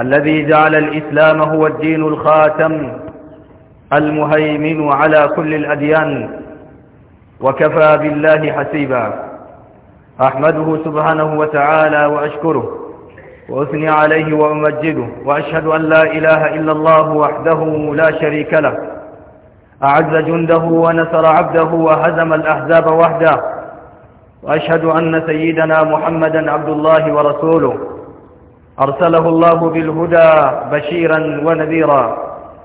الذي جعل الإسلام هو الدين الخاتم المهيمن على كل الأديان وكفى بالله حسيبا أحمده سبحانه وتعالى وأشكره وأثني عليه وأمجده وأشهد أن لا إله إلا الله وحده لا شريك له أعز جنده ونصر عبده وهزم الأحزاب وحده وأشهد أن سيدنا محمدا عبد الله ورسوله أرسله الله بالهدى بشيرا ونذيرا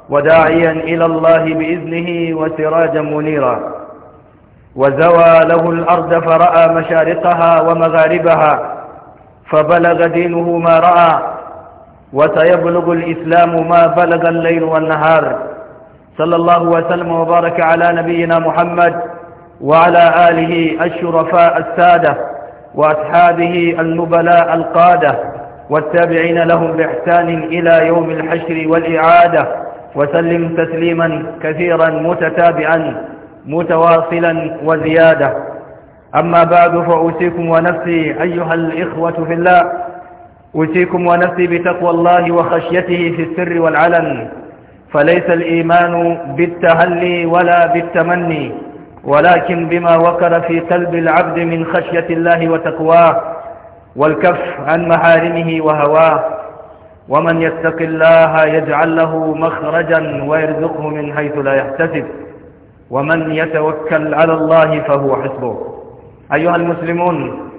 وداعيا إلى الله بإذنه وسراجا منيرا وزوى له الأرض فرأى مشارقها ومغاربها فبلغ دينه ما رأى وسيبلغ الإسلام ما بلغ الليل والنهار صلى الله وسلم وبارك على نبينا محمد وعلى آله الشرفاء السادة وأصحابه النبلاء القادة والتابعين لهم بإحسان إلى يوم الحشر والإعادة وسلم تسليما كثيرا متتابعا متواصلا وزيادة أما بعد فأوصيكم ونفسي أيها الإخوة في الله أوصيكم ونفسي بتقوى الله وخشيته في السر والعلن فليس الإيمان بالتهلي ولا بالتمني ولكن بما وقر في قلب العبد من خشية الله وتقواه والكف عن محارمه وهواه ومن يتق الله يجعل له مخرجا ويرزقه من حيث لا يحتسب ومن يتوكل على الله فهو حسبه أيها المسلمون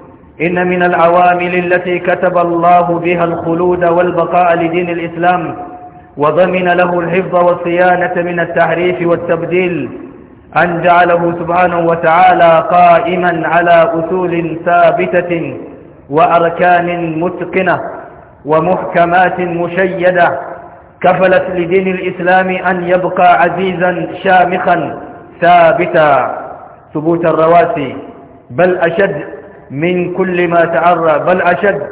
إن من العوامل التي كتب الله بها الخلود والبقاء لدين الإسلام وضمن له الحفظ والصيانة من التحريف والتبديل أن جعله سبحانه وتعالى قائما على أصول ثابتة وأركان متقنة ومحكمات مشيدة كفلت لدين الإسلام أن يبقى عزيزا شامخا ثابتا ثبوت الرواسي بل أشد من كل ما تعرض بل أشد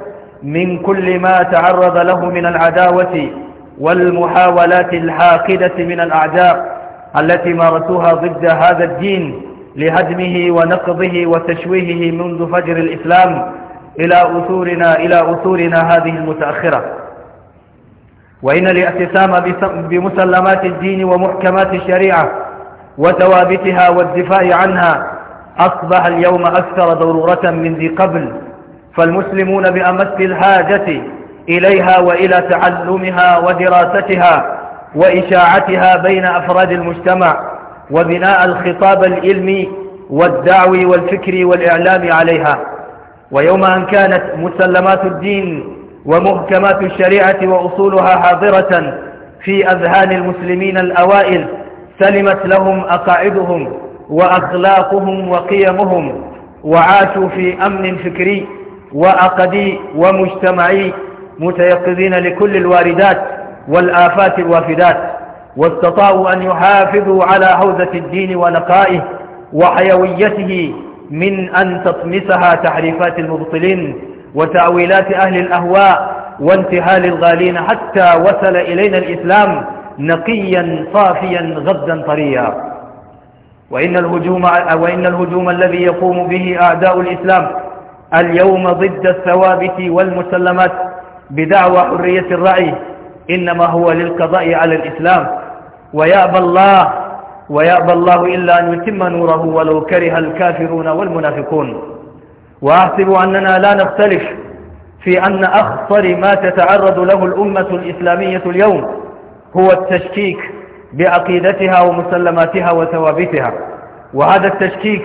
من كل ما تعرض له من العداوة والمحاولات الحاقدة من الأعداء التي مارسوها ضد هذا الدين لهدمه ونقضه وتشويهه منذ فجر الإسلام إلى أثورنا إلى أثورنا هذه المتأخرة وإن الاعتصام بمسلمات الدين ومحكمات الشريعة وثوابتها والدفاع عنها أصبح اليوم أكثر ضرورة من ذي قبل فالمسلمون بأمس الحاجة إليها وإلى تعلمها ودراستها وإشاعتها بين أفراد المجتمع وبناء الخطاب العلمي والدعوي والفكري والإعلام عليها ويوم أن كانت مسلمات الدين ومحكمات الشريعة وأصولها حاضرة في أذهان المسلمين الأوائل سلمت لهم أقاعدهم وأخلاقهم وقيمهم وعاشوا في أمن فكري وعقدي ومجتمعي متيقظين لكل الواردات والآفات الوافدات واستطاعوا أن يحافظوا على حوزة الدين ونقائه وحيويته من أن تطمسها تحريفات المبطلين وتعويلات أهل الأهواء وانتهال الغالين حتى وصل إلينا الإسلام نقيا صافيا غدا طريا وإن الهجوم, وإن الهجوم الذي يقوم به أعداء الإسلام اليوم ضد الثوابت والمسلمات بدعوى حرية الرأي إنما هو للقضاء على الإسلام ويأبى الله ويأبى الله إلا أن يتم نوره ولو كره الكافرون والمنافقون وأحسب أننا لا نختلف في أن أخطر ما تتعرض له الأمة الإسلامية اليوم هو التشكيك بعقيدتها ومسلماتها وثوابتها وهذا التشكيك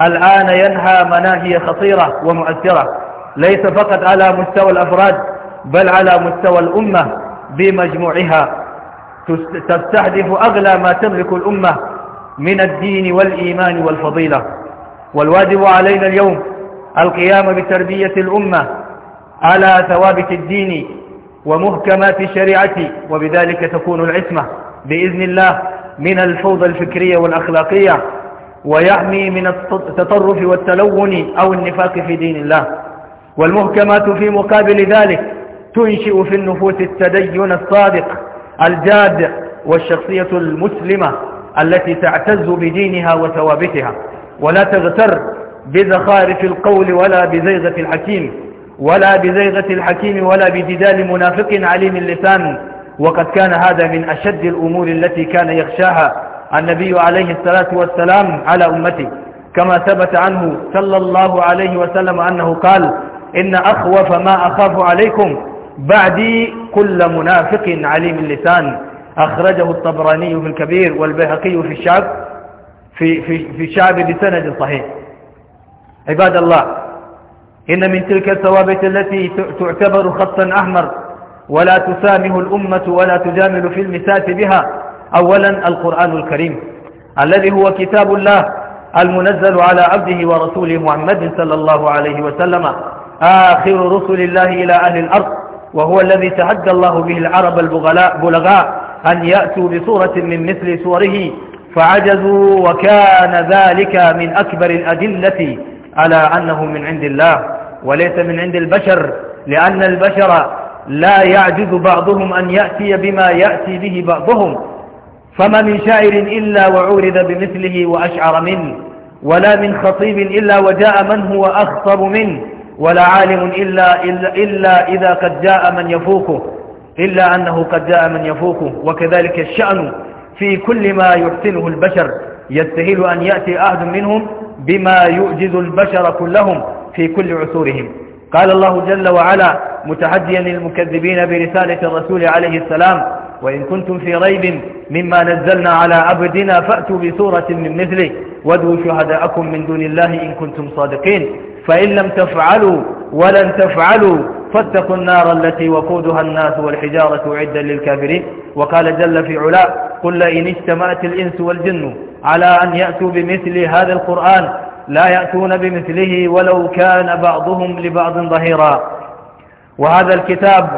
الآن ينهى مناهي خطيرة ومؤثرة ليس فقط على مستوى الأفراد بل على مستوى الأمة بمجموعها تستهدف أغلى ما تملك الأمة من الدين والإيمان والفضيلة والواجب علينا اليوم القيام بتربية الأمة على ثوابت الدين ومهكمات الشريعة وبذلك تكون العصمة بإذن الله من الفوضى الفكرية والأخلاقية ويحمي من التطرف والتلون أو النفاق في دين الله والمهكمات في مقابل ذلك تنشئ في النفوس التدين الصادق الجاد والشخصية المسلمة التي تعتز بدينها وثوابتها ولا تغتر بزخارف القول ولا بزيغة الحكيم ولا بزيغة الحكيم ولا بجدال منافق عليم اللسان وقد كان هذا من أشد الأمور التي كان يخشاها النبي عليه الصلاة والسلام على أمته كما ثبت عنه صلى الله عليه وسلم أنه قال إن أخوف ما أخاف عليكم بعدي كل منافق عليم اللسان أخرجه الطبراني في الكبير والبيهقي في الشعب في, في, في الشعب بسند صحيح عباد الله إن من تلك الثوابت التي تعتبر خطا أحمر ولا تسامه الأمة ولا تجامل في المساس بها أولا القرآن الكريم الذي هو كتاب الله المنزل على عبده ورسوله محمد صلى الله عليه وسلم آخر رسل الله إلى أهل الأرض وهو الذي تعدى الله به العرب البغلاء بلغاء أن يأتوا بصورة من مثل صوره فعجزوا وكان ذلك من أكبر الأدلة على أنه من عند الله وليس من عند البشر لأن البشر لا يعجز بعضهم أن يأتي بما يأتي به بعضهم فما من شاعر إلا وعورد بمثله وأشعر منه ولا من خطيب إلا وجاء من هو أخطب منه ولا عالم إلا, إلا, إلا إذا قد جاء من يفوقه إلا أنه قد جاء من يفوقه وكذلك الشأن في كل ما يحسنه البشر يستهل أن يأتي أحد منهم بما يؤجز البشر كلهم في كل عصورهم قال الله جل وعلا متحديا للمكذبين برسالة الرسول عليه السلام وإن كنتم في ريب مما نزلنا على عبدنا فأتوا بسورة من مثله وادوا شهداءكم من دون الله إن كنتم صادقين فإن لم تفعلوا ولن تفعلوا فاتقوا النار التي وقودها الناس والحجارة عدا للكافرين وقال جل في علاء قل إن اجتمعت الإنس والجن على أن يأتوا بمثل هذا القرآن لا يأتون بمثله ولو كان بعضهم لبعض ظهيرا وهذا الكتاب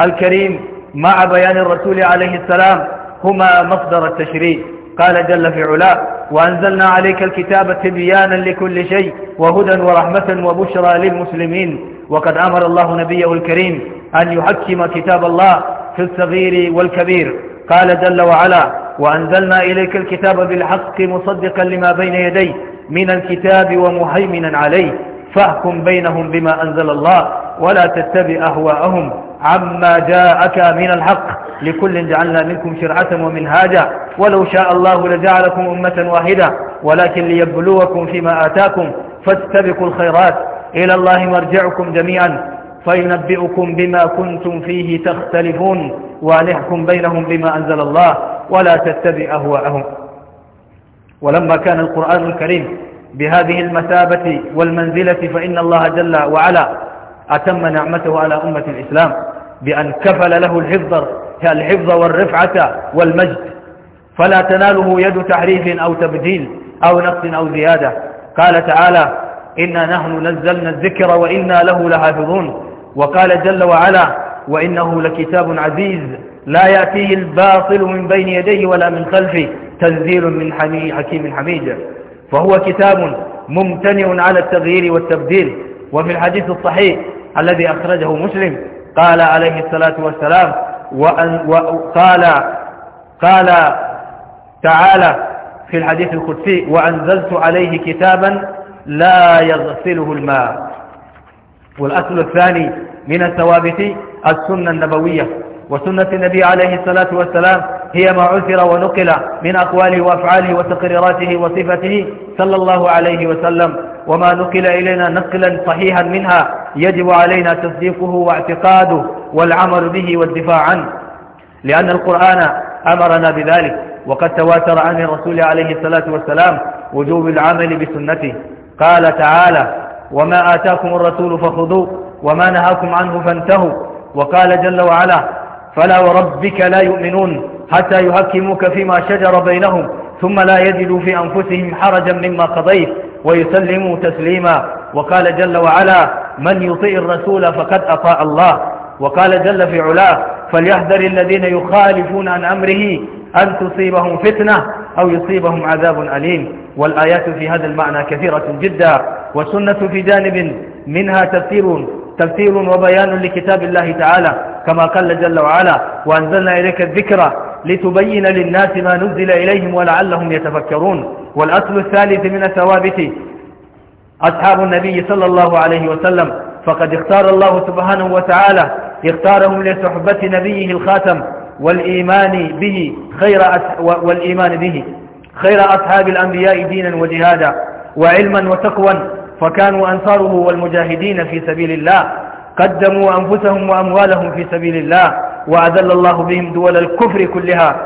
الكريم مع بيان الرسول عليه السلام هما مصدر التشريع قال جل في علاء وأنزلنا عليك الكتاب تبيانا لكل شيء وهدى ورحمة وبشرى للمسلمين وقد أمر الله نبيه الكريم أن يحكم كتاب الله في الصغير والكبير قال جل وعلا وأنزلنا إليك الكتاب بالحق مصدقا لما بين يديه من الكتاب ومهيمنا عليه فاحكم بينهم بما أنزل الله ولا تتبع أهواءهم عما جاءك من الحق لكل جعلنا منكم شرعة ومنهاجا ولو شاء الله لجعلكم أمة واحدة ولكن ليبلوكم فيما آتاكم فاستبقوا الخيرات إلى الله مرجعكم جميعا فينبئكم بما كنتم فيه تختلفون ونحكم بينهم بما أنزل الله ولا تتبع أهواءهم ولما كان القرآن الكريم بهذه المثابة والمنزلة فإن الله جل وعلا أتم نعمته على أمة الإسلام بأن كفل له الحفظ الحفظ والرفعة والمجد فلا تناله يد تحريف أو تبديل أو نقص أو زيادة قال تعالى إنا نحن نزلنا الذكر وإنا له لحافظون وقال جل وعلا وإنه لكتاب عزيز لا يأتيه الباطل من بين يديه ولا من خلفه تنزيل من حكيم حميد فهو كتاب ممتنع على التغيير والتبديل وفي الحديث الصحيح الذي أخرجه مسلم قال عليه الصلاة والسلام وقال قال تعالى في الحديث القدسي وأنزلت عليه كتابا لا يغسله الماء والأصل الثاني من الثوابت السنة النبوية وسنة النبي عليه الصلاة والسلام هي ما عثر ونقل من أقواله وأفعاله وتقريراته وصفته صلى الله عليه وسلم وما نقل إلينا نقلا صحيحا منها يجب علينا تصديقه واعتقاده والعمل به والدفاع عنه لأن القرآن أمرنا بذلك وقد تواتر عن الرسول عليه الصلاة والسلام وجوب العمل بسنته قال تعالى وما آتاكم الرسول فخذوه وما نهاكم عنه فانتهوا وقال جل وعلا فلا وربك لا يؤمنون حتى يهكموك فيما شجر بينهم ثم لا يجدوا في أنفسهم حرجا مما قضيت ويسلموا تسليما وقال جل وعلا من يطيع الرسول فقد أطاع الله وقال جل في علاه فليحذر الذين يخالفون عن أمره أن تصيبهم فتنة أو يصيبهم عذاب أليم والآيات في هذا المعنى كثيرة جدا والسنة في جانب منها تفسير تفسير وبيان لكتاب الله تعالى كما قال جل وعلا وأنزلنا إليك الذكرى لتبين للناس ما نزل إليهم ولعلهم يتفكرون والأصل الثالث من الثوابت أصحاب النبي صلى الله عليه وسلم فقد اختار الله سبحانه وتعالى اختارهم لصحبة نبيه الخاتم والإيمان به خير والإيمان به خير أصحاب الأنبياء دينا وجهادا وعلما وتقوا فكانوا أنصاره والمجاهدين في سبيل الله قدموا أنفسهم وأموالهم في سبيل الله وأذل الله بهم دول الكفر كلها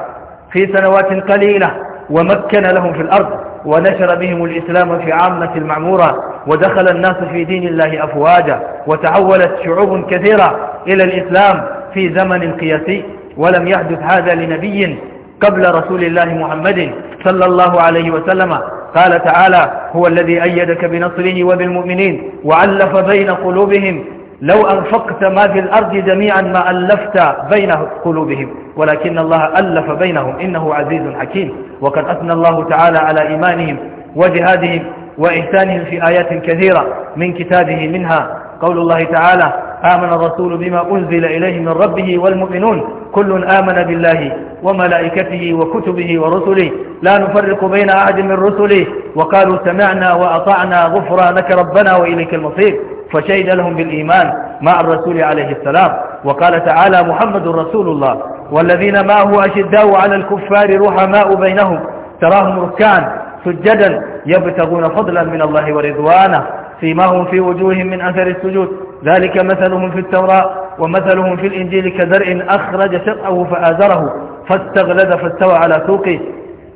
في سنوات قليلة ومكن لهم في الأرض ونشر بهم الإسلام في عامة المعمورة ودخل الناس في دين الله أفواجا وتحولت شعوب كثيرة إلى الإسلام في زمن قياسي ولم يحدث هذا لنبي قبل رسول الله محمد صلى الله عليه وسلم قال تعالى هو الذي أيدك بنصره وبالمؤمنين وعلف بين قلوبهم لو أنفقت ما في الأرض جميعا ما ألفت بين قلوبهم ولكن الله ألف بينهم إنه عزيز حكيم وقد أثنى الله تعالى على إيمانهم وجهادهم وإحسانهم في آيات كثيرة من كتابه منها قول الله تعالى آمن الرسول بما أنزل إليه من ربه والمؤمنون كل آمن بالله وملائكته وكتبه ورسله لا نفرق بين أحد من رسله وقالوا سمعنا وأطعنا غفرانك ربنا وإليك المصير فشهد لهم بالإيمان مع الرسول عليه السلام وقال تعالى محمد رسول الله والذين معه أشداء على الكفار رحماء بينهم تراهم ركعا سجدا يبتغون فضلا من الله ورضوانه هم في وجوههم من أثر السجود ذلك مثلهم في التوراة ومثلهم في الإنجيل كذرء أخرج شرعه فآزره فاستغلد فاستوى على سوقه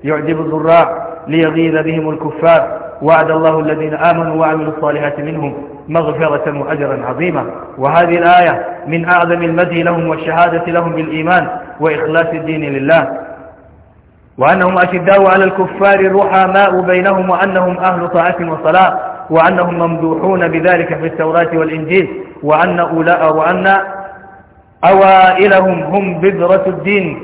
يعجب الزراع ليغيظ بهم الكفار وعد الله الذين آمنوا وعملوا الصالحات منهم مغفرة وأجرا عظيما وهذه الآية من أعظم المدي لهم والشهادة لهم بالإيمان وإخلاص الدين لله وأنهم أشداء على الكفار الرحماء بينهم وأنهم أهل طاعة وصلاة وأنهم ممدوحون بذلك في التوراة والإنجيل وأن أولاء وأن أوائلهم هم بذرة الدين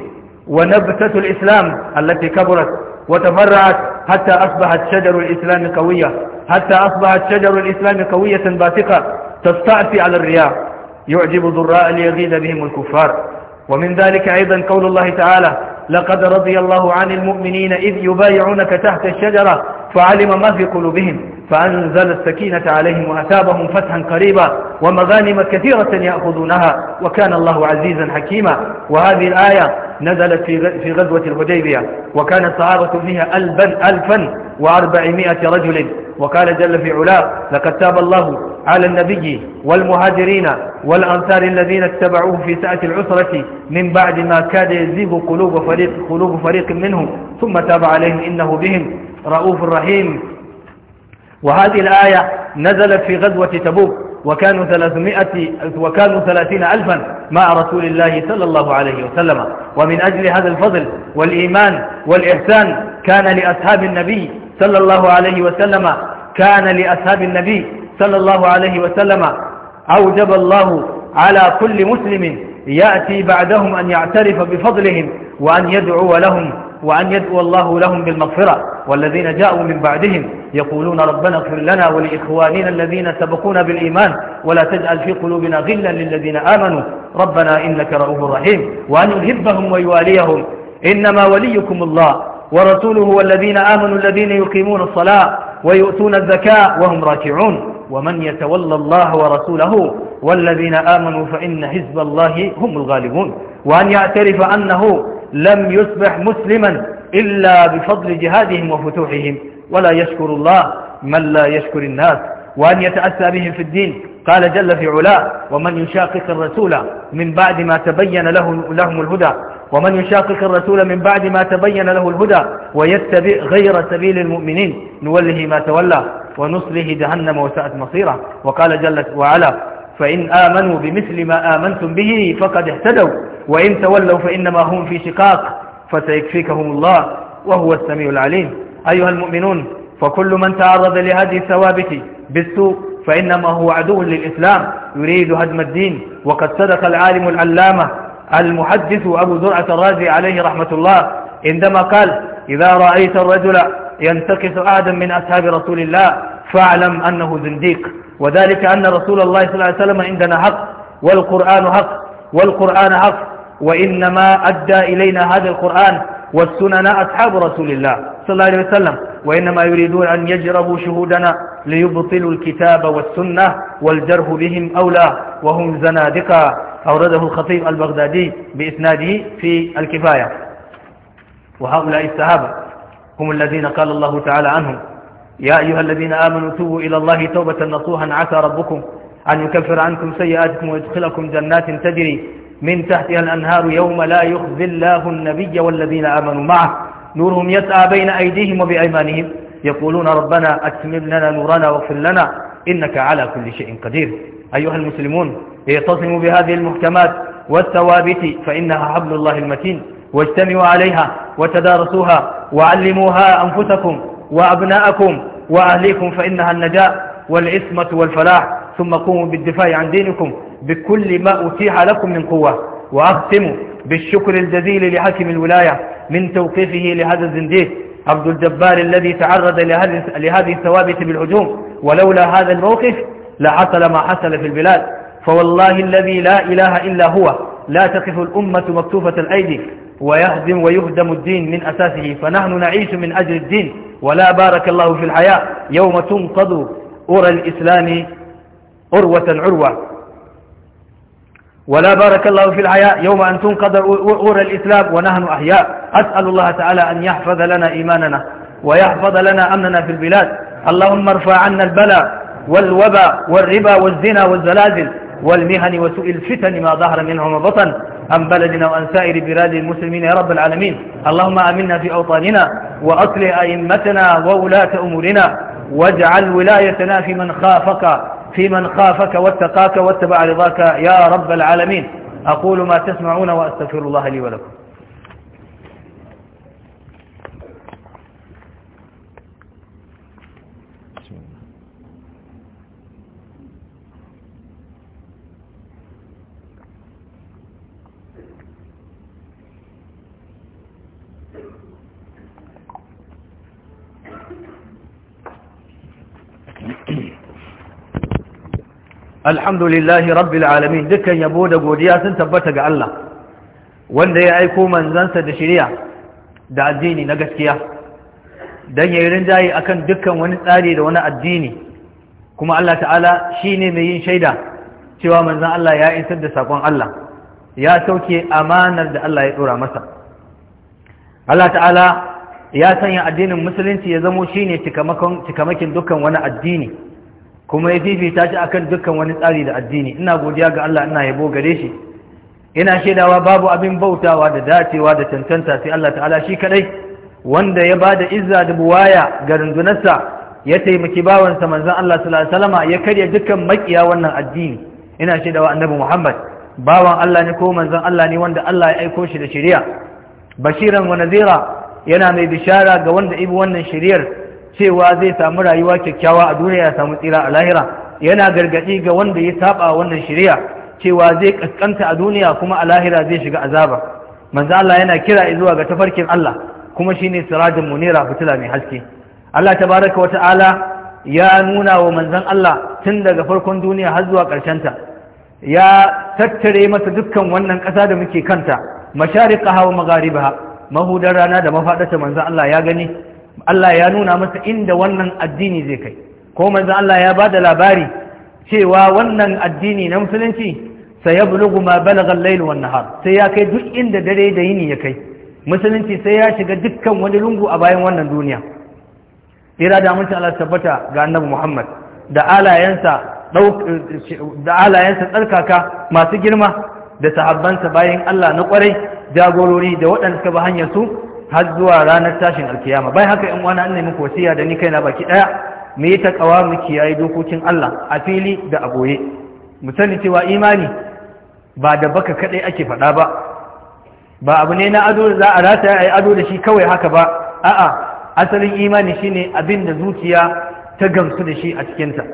ونبتة الإسلام التي كبرت وتفرعت حتى أصبحت شجر الإسلام قوية حتى أصبحت شجر الإسلام قوية باثقة تستعفي على الرياح يعجب ذراء ليغيظ بهم الكفار ومن ذلك أيضا قول الله تعالى لقد رضي الله عن المؤمنين إذ يبايعونك تحت الشجرة فعلم ما في قلوبهم فأنزل السكينة عليهم وأثابهم فتحا قريبا ومغانم كثيرة يأخذونها وكان الله عزيزا حكيما وهذه الآية نزلت في غزوة الحديبية وكان الصحابة فيها ألفا, ألفا وأربعمائة رجل وقال جل في علاه لقد تاب الله على النبي والمهاجرين والأنصار الذين اتبعوه في ساعة العسرة من بعد ما كاد يزيب قلوب فريق, قلوب فريق منهم ثم تاب عليهم إنه بهم رؤوف رحيم وهذه الآية نزلت في غزوة تبوك وكانوا 300 وكانوا 30 ألفا مع رسول الله صلى الله عليه وسلم ومن أجل هذا الفضل والإيمان والإحسان كان لأصحاب النبي صلى الله عليه وسلم كان لأصحاب النبي صلى الله عليه وسلم أوجب الله على كل مسلم يأتي بعدهم أن يعترف بفضلهم وأن يدعو لهم وأن يدعو الله لهم بالمغفرة والذين جاءوا من بعدهم يقولون ربنا اغفر لنا ولإخواننا الذين سبقونا بالإيمان ولا تجعل في قلوبنا غلا للذين آمنوا ربنا إنك رؤوف رحيم وأن يهبهم ويواليهم إنما وليكم الله ورسوله والذين آمنوا الذين يقيمون الصلاة ويؤتون الزكاة وهم راكعون ومن يتولى الله ورسوله والذين آمنوا فإن حزب الله هم الغالبون وأن يعترف أنه لم يصبح مسلما إلا بفضل جهادهم وفتوحهم ولا يشكر الله من لا يشكر الناس وأن يتأسى بهم في الدين قال جل في علاه ومن يشاقق الرسول من بعد ما تبين له لهم الهدى ومن يشاقق الرسول من بعد ما تبين له الهدى ويتبع غير سبيل المؤمنين نوله ما تولى ونصله جهنم وساءت مصيره وقال جل وعلا فإن آمنوا بمثل ما آمنتم به فقد اهتدوا وإن تولوا فإنما هم في شقاق فسيكفيكهم الله وهو السميع العليم أيها المؤمنون فكل من تعرض لهذه الثوابت بالسوء فإنما هو عدو للإسلام يريد هدم الدين وقد صدق العالم العلامة المحدث أبو زرعة الرازي عليه رحمة الله عندما قال إذا رأيت الرجل ينتقص أحدا من أصحاب رسول الله فاعلم أنه زنديق وذلك أن رسول الله صلى الله عليه وسلم عندنا حق والقرآن حق والقرآن حق وإنما أدى إلينا هذا القرآن والسنن أصحاب رسول الله صلى الله عليه وسلم وإنما يريدون أن يجربوا شهودنا ليبطلوا الكتاب والسنة والجرح بهم أولى وهم زنادقة أورده الخطيب البغدادي بإسناده في الكفاية وهؤلاء السهابة هم الذين قال الله تعالى عنهم يا أيها الذين آمنوا توبوا إلى الله توبة نصوحا عسى ربكم أن يكفر عنكم سيئاتكم ويدخلكم جنات تجري من تحتها الأنهار يوم لا يخزي الله النبي والذين آمنوا معه نورهم يسعى بين أيديهم وبأيمانهم يقولون ربنا أتمم لنا نورنا واغفر لنا إنك على كل شيء قدير أيها المسلمون اعتصموا بهذه المحكمات والثوابت فإنها حبل الله المتين واجتمعوا عليها وتدارسوها وعلموها أنفسكم وأبناءكم وأهليكم فإنها النجاة والعصمة والفلاح ثم قوموا بالدفاع عن دينكم بكل ما أتيح لكم من قوة وأختموا بالشكر الجزيل لحكم الولاية من توقيفه لهذا الزنديق عبد الجبار الذي تعرض لهذه الثوابت بالهجوم ولولا هذا الموقف لحصل ما حصل في البلاد فوالله الذي لا إله إلا هو لا تقف الأمة مكتوفة الأيدي ويهدم ويهدم الدين من أساسه فنحن نعيش من أجل الدين ولا بارك الله في الحياة يوم تنقض أرى الإسلام عروة عروة ولا بارك الله في الحياء يوم أن تنقض أور الإسلام ونحن أحياء أسأل الله تعالى أن يحفظ لنا إيماننا ويحفظ لنا أمننا في البلاد اللهم ارفع عنا البلاء والوباء والربا والزنا والزلازل والمهن وسوء الفتن ما ظهر منها وما بطن عن بلدنا وعن سائر بلاد المسلمين يا رب العالمين اللهم آمنا في أوطاننا وأصلح أئمتنا وولاة أمورنا واجعل ولايتنا في من خافك في من خافك واتقاك واتبع رضاك يا رب العالمين أقول ما تسمعون وأستغفر الله لي ولكم alhamdulillahi rabbil alamin dukkan yabo da godiya sun tabbata ga Allah wanda ya aiko manzansa da shirya da addini na gaskiya dan yayin rinjaye akan dukkan wani tsari da wani addini kuma Allah ta'ala shine mai yin shaida cewa manzan Allah ya isar da sakon Allah ya sauke amanar da Allah ya dora masa Allah ta'ala ya sanya addinin musulunci ya zamo shine cikamakin dukkan wani addini kuma ya fifita shi akan dukkan wani tsari da addini ina godiya ga Allah ina yabo gare shi ina shaidawa babu abin bautawa da dacewa da tantanta sai Allah ta'ala shi kadai wanda ya bada izza da buwaya ga rundunarsa ya taimaki bawansa manzon Allah sallallahu alaihi wasallama ya karya dukkan makiya wannan addini ina shaidawa annabi Muhammad bawan Allah ne ko manzon Allah ne wanda Allah ya aiko shi da shari'a bashiran wa nazira yana mai bishara ga wanda ibi wannan shari'ar cewa zai samu rayuwa kyakkyawa a duniya ya samu tsira a lahira yana gargaɗi ga wanda ya saba wannan shari'a cewa zai kaskanta a duniya kuma a lahira zai shiga azaba manzo Allah yana kira zuwa ga tafarkin Allah kuma shine sirajin munira fitila mai haske Allah tabaraka wa ta'ala ya nuna wa manzon Allah tun daga farkon duniya har zuwa ƙarshen ta ya tattare masa dukkan wannan ƙasa da muke kanta mashariqaha hawa magharibaha mahudar rana da mafaɗata manzon Allah ya gani Allah ya nuna masa inda wannan addini zai kai ko manzo Allah ya bada labari cewa wannan addini na musulunci bulugu ma balagha al-layl an nahar sai ya kai duk inda dare da yini ya kai musulunci sai ya shiga dukkan wani lungu a bayan wannan duniya ira da mun Allah tabbata ga annabi Muhammad da alayansa da alayansa tsarkaka masu girma da sahabbansa bayan Allah na kwarai jagorori da waɗanda suka bi hanyar su har zuwa ranar tashin alkiyama bai haka in wani an nemi wasiya da ni kaina baki daya me yi takawa mu kiyaye dokokin Allah a fili da a goye mu sani cewa imani ba da baka kadai ake faɗa ba ba abu ne na ado za a rata ya ado da shi kawai haka ba a'a asalin imani shine abin da zuciya ta gamsu da shi a cikinta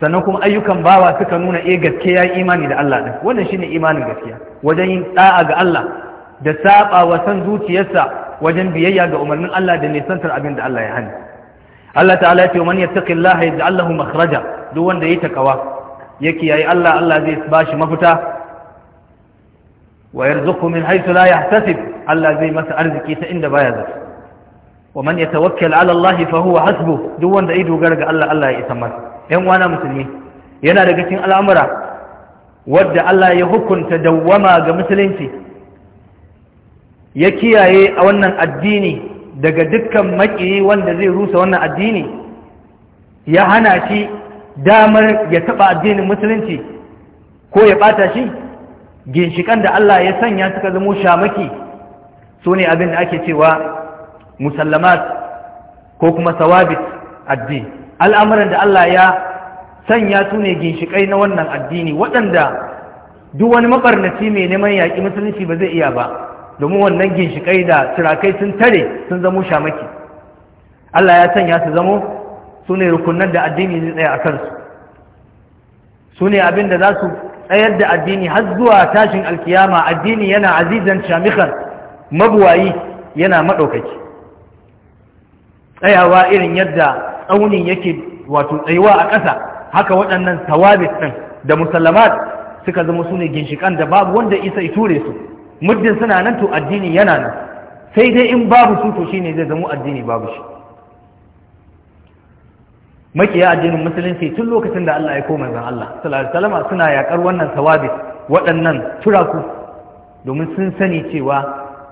sannan kuma ayyukan bawa suka nuna eh gaskiya imani da Allah din wannan shine imanin gaskiya wajen yin da'a ga Allah da saba wa san zuciyarsa wajen biyayya ga umarnin Allah da nisantar abin da Allah ya hani Allah ta'ala ya ce man yattaqillaha yaj'al lahu makhraja duk wanda yayi takawa yake yayi Allah Allah zai bashi mafita wa yarzuqhu min haythu la yahtasib Allah zai masa arziki ta inda baya zato wa man yatawakkal 'ala Allah fa huwa hasbu duk wanda ya dogara ga Allah Allah ya isa masa yan uwana musulmi yana daga cikin al'amura wadda Allah ya hukunta dawwama ga musulunci ya kiyaye a wannan addini daga dukkan makiyi wanda zai rusa wannan addini ya hana shi damar ya taɓa addinin musulunci ko ya ɓata shi ginshikan da Allah ya sanya suka zamo shamaki su ne abin da ake cewa musallamat ko kuma sawabit addini al'amuran da Allah ya sanya su ne ginshikai na wannan addini waɗanda duk wani maɓarnaci mai neman yaƙi musulunci ba zai iya ba domin wannan ginshikai da turakai sun tare sun zamo shamaki Allah ya sanya su zamo su ne rukunan da addini zai tsaya a kansu su ne abin da za su tsayar da addini har zuwa tashin alkiyama addini yana azizan shamikar mabuwayi yana maɗaukaki tsayawa irin yadda tsaunin yake wato tsayuwa a ƙasa haka waɗannan tawabit ɗin da musallamat suka zama su ne ginshikan da babu wanda isa ya ture su muddin suna nan to addini yana nan sai dai in babu su to shine zai zama addini babu shi makiya addinin musulunci tun lokacin da Allah ya koma zan Allah sallallahu alaihi wasallam suna yakar wannan sawabi waɗannan turaku domin sun sani cewa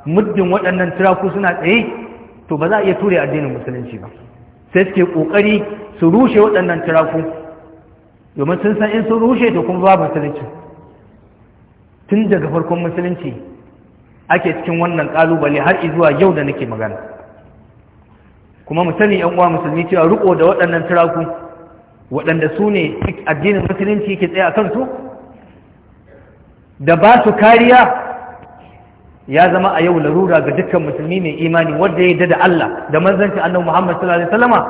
muddin waɗannan turaku suna tsaye to ba za a iya ture addinin musulunci ba sai suke kokari su rushe waɗannan turaku domin sun san in sun rushe to kuma babu musulunci tun daga farkon musulunci ake cikin wannan kalubale har zuwa yau da nake magana kuma mu sani yan uwa musulmi cewa riko da waɗannan turaku waɗanda su ne addinin musulunci ke tsaye a kansu da ba su kariya ya zama a yau larura ga dukkan musulmi mai imani wanda ya yi da Allah da manzanci annabi Muhammad sallallahu alaihi wasallama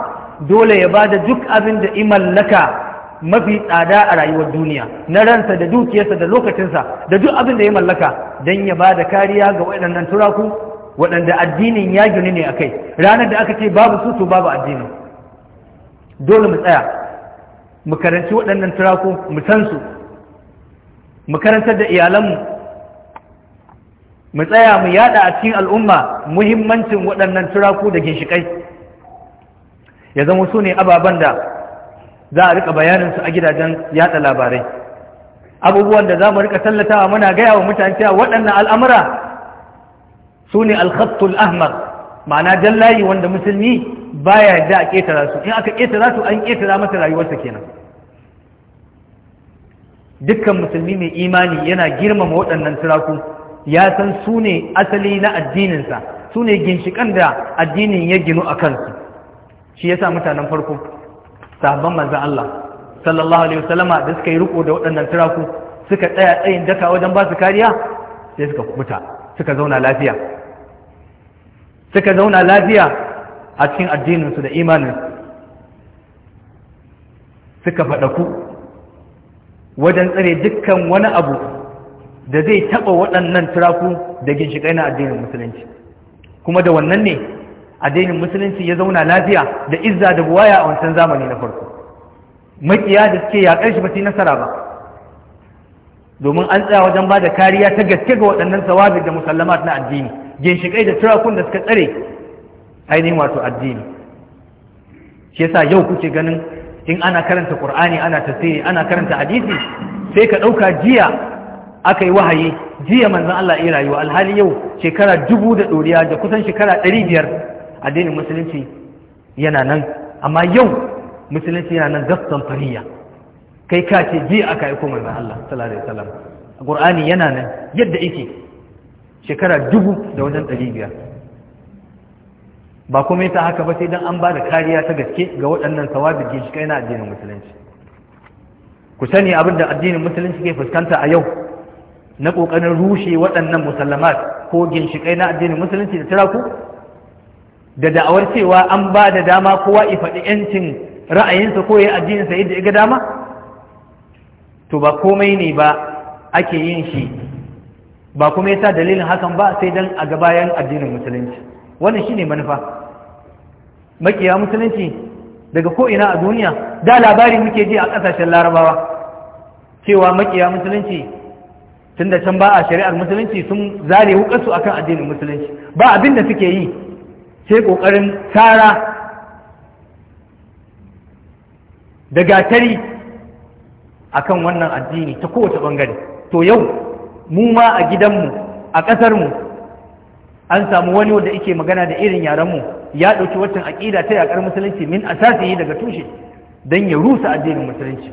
dole ya bada duk abin da imallaka mafi tsada a rayuwar duniya na ransa da dukiyarsa da lokacinsa da duk abin da ya mallaka don ya ba da kariya ga waɗannan turaku waɗanda addinin ya gini ne a kai ranar da aka ce babu su babu addini dole mu tsaya mu karanci waɗannan turaku mu san su mu karantar da iyalanmu mu tsaya mu yada a cikin al'umma muhimmancin waɗannan turaku da ginshiƙai ya zama su ne ababen da za a rika bayanin su a gidajen yada labarai abubuwan da za mu rika tallatawa muna gaya wa mutane cewa waɗannan al'amura su ne alkhattul ahmar ma'ana jallayi wanda musulmi baya da a ƙetara su in aka ƙetara su an ƙetara masa rayuwarsa kenan dukkan musulmi mai imani yana girmama waɗannan turaku ya san su ne asali na addininsa su ne ginshiƙan da addinin ya ginu a kansu shi yasa mutanen farko Sabon manzan Allah sallallahu alaihi wasallama da suka yi riko da waɗannan turaku suka tsaya tsayin daka wajen ba su kariya sai suka kubuta suka zauna lafiya suka zauna lafiya a cikin addinin su da imanin suka faɗaku wajen tsare dukkan wani abu da zai taɓa waɗannan turaku da ginshiƙai na addinin musulunci kuma da wannan ne addinin musulunci ya zauna lafiya da izza da buwaya a wancan zamani na farko makiya da suke yaƙar shi ba su nasara ba domin an tsaya wajen ba da kariya ta gaske ga waɗannan sawabi da musallamat na addini ginshiƙai da turakun da suka tsare ainihin wato addini shi yasa yau kuke ganin in ana karanta qur'ani ana tafsiri ana karanta hadisi sai ka ɗauka jiya aka yi wahayi jiya manzon Allah ya rayuwa alhali yau shekara dubu da ɗoriya da kusan shekara ɗari biyar addinin musulunci yana nan amma yau musulunci yana nan gaskan fariya kai ka ce ji aka aiko manzon Allah sallallahu alaihi wasallam Qur'ani yana nan yadda yake shekara dubu da wajen ɗari biyar ba kuma ta haka ba sai dan an ba da kariya ta gaske ga waɗannan sawabin ginshiƙai na addinin musulunci ku sani abin da addinin musulunci ke fuskanta a yau na ƙoƙarin rushe waɗannan musallamat ko ginshiƙai na addinin musulunci da tiraku da da'awar cewa an ba da dama kowa ya faɗi 'yancin ra'ayinsa ko ya addininsa yadda ya ga dama to ba komai ne ba ake yin shi ba kuma ya sa dalilin hakan ba sai dan a ga bayan addinin musulunci wannan shi ne manufa makiya musulunci daga ko'ina a duniya da labari muke ji a ƙasashen larabawa cewa makiya musulunci tun da can ba a shari'ar musulunci sun zare su akan addinin musulunci ba abin da suke yi sai ƙoƙarin tsara da gatari a kan wannan addini ta kowace ɓangare to yau mu ma a gidanmu a ƙasarmu an samu wani wanda yake magana da irin yarenmu ya ɗauki watan aƙida ta yaƙar musulunci min a yi daga tushe don ya rusa addinin musulunci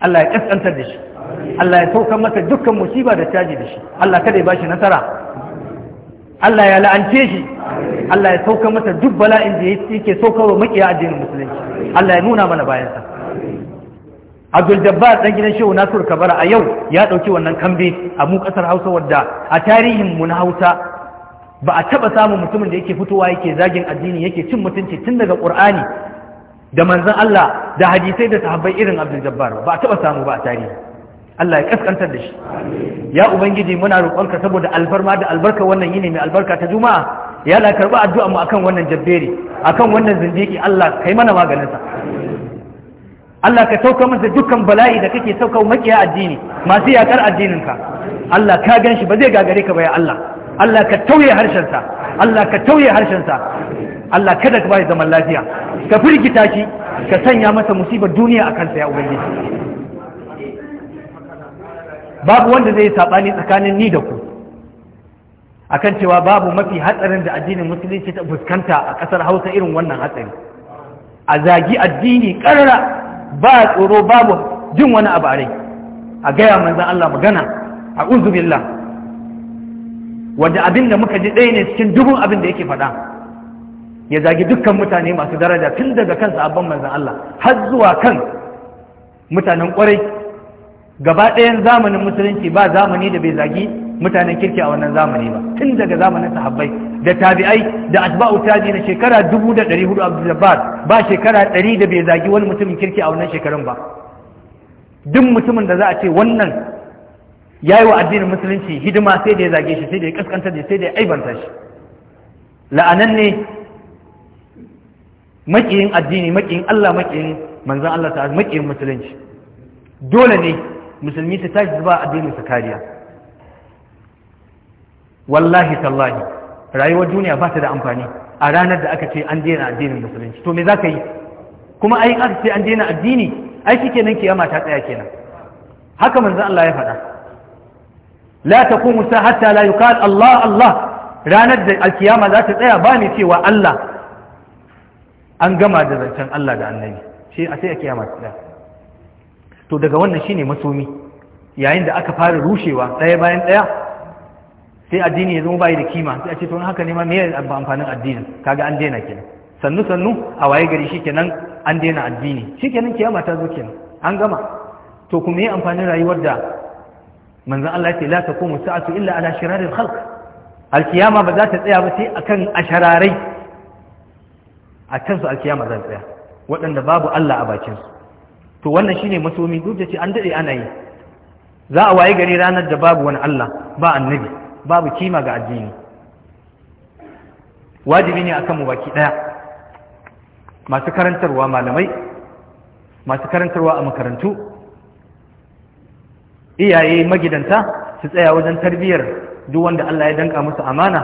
Allah ya ƙasƙantar da shi Allah ya sauka masa dukkan musiba da caji da shi Allah kada ya ba shi nasara Allah ya la'ance shi Allah ya sauka masa duk bala'in da yake saukarwa makiya addinin musulunci Allah ya nuna mana bayansa Abdul Jabbar dan gidan Shehu Nasir Kabara a yau ya dauki wannan kambe a mu kasar Hausa wadda a tarihin mu na Hausa ba a taba samun mutumin da yake fitowa yake zagin addini yake cin mutunci tun daga Qur'ani da manzon Allah da hadisai da sahabbai irin Abdul Jabbar ba a taba samu ba a tarihi Allah ya kaskantar da shi ya ubangiji muna roƙonka saboda alfarma da albarka wannan yini mai albarka ta juma'a ya la karba addu'a mu akan wannan jabbere akan wannan zindiki Allah kai mana maganin sa Allah ka sauka masa dukkan bala'i da kake sauka makiya addini masu yakar addinin ka Allah ka gan shi ba zai gagare ka ba ya Allah Allah ka tauye harshen sa Allah ka tauye harshen sa Allah kada ka bai zaman lafiya ka firgita shi ka sanya masa musibar duniya akan sa ya ubangiji babu wanda zai saɓani tsakanin ni da ku akan cewa babu mafi hatsarin da addinin musulunci ta fuskanta a ƙasar hausa irin wannan hatsari a zagi addini ƙarara ba tsoro babu jin wani abu a rai a gaya manzan Allah magana a uzubillah wanda abin da muka ji ɗaya ne cikin dubun abin da yake faɗa ya zagi dukkan mutane masu daraja tun daga kansu abban manzan Allah har zuwa kan mutanen ƙwarai gaba ɗayan zamanin musulunci ba zamani da bai zagi mutanen kirki a wannan zamani ba tun daga zamanin sahabbai da tabi'ai da asba'u tabi na shekara 1400 abdulbar ba shekara 100 da bai zagi wani mutumin kirki a wannan shekarun ba duk mutumin da za a ce wannan ya yi wa addinin musulunci hidima sai da ya zage shi sai da ya kaskanta da sai da ya aibanta shi la'anan ne makiyin addini makiyin Allah makiyin manzon Allah ta'ala makiyin musulunci dole ne musulmi ta tashi zuba addinin su kariya wallahi tallahi rayuwar duniya ba ta da amfani a ranar da aka ce an daina addinin musulunci to me za ka yi kuma ai aka ce an daina addini ai shi kenan kiyama ta tsaya kenan haka manzo Allah ya faɗa la taqumu sa hatta la yuqal Allah Allah ranar da alkiyama za ta tsaya ba ne cewa Allah an gama da zancen Allah da annabi shi a sai a kiyama ta tsaya to daga wannan shine masomi yayin da aka fara rushewa ɗaya bayan ɗaya sai addini ya zama bai da kima sai a ce to haka ne ma me amfanin addinin kaga an daina kenan sannu sannu a waye gari shikenan an daina addini shikenan kiyama ta zo kenan an gama to kuma yi amfanin rayuwar da manzon Allah ya ce la taqumu sa'atu illa ala shiraril khalq alkiyama ba za ta tsaya ba sai akan ashararai a kansu alkiyama ta tsaya waɗanda babu Allah a bakinsu to wannan shine matomi duk da ce an dade ana yi za a waye gari ranar da babu wani Allah ba annabi babu kima ga addini wajibi ne akan mu baki daya masu karantarwa malamai masu karantarwa a makarantu iyaye magidanta su tsaya wajen tarbiyyar duk wanda Allah ya danka musu amana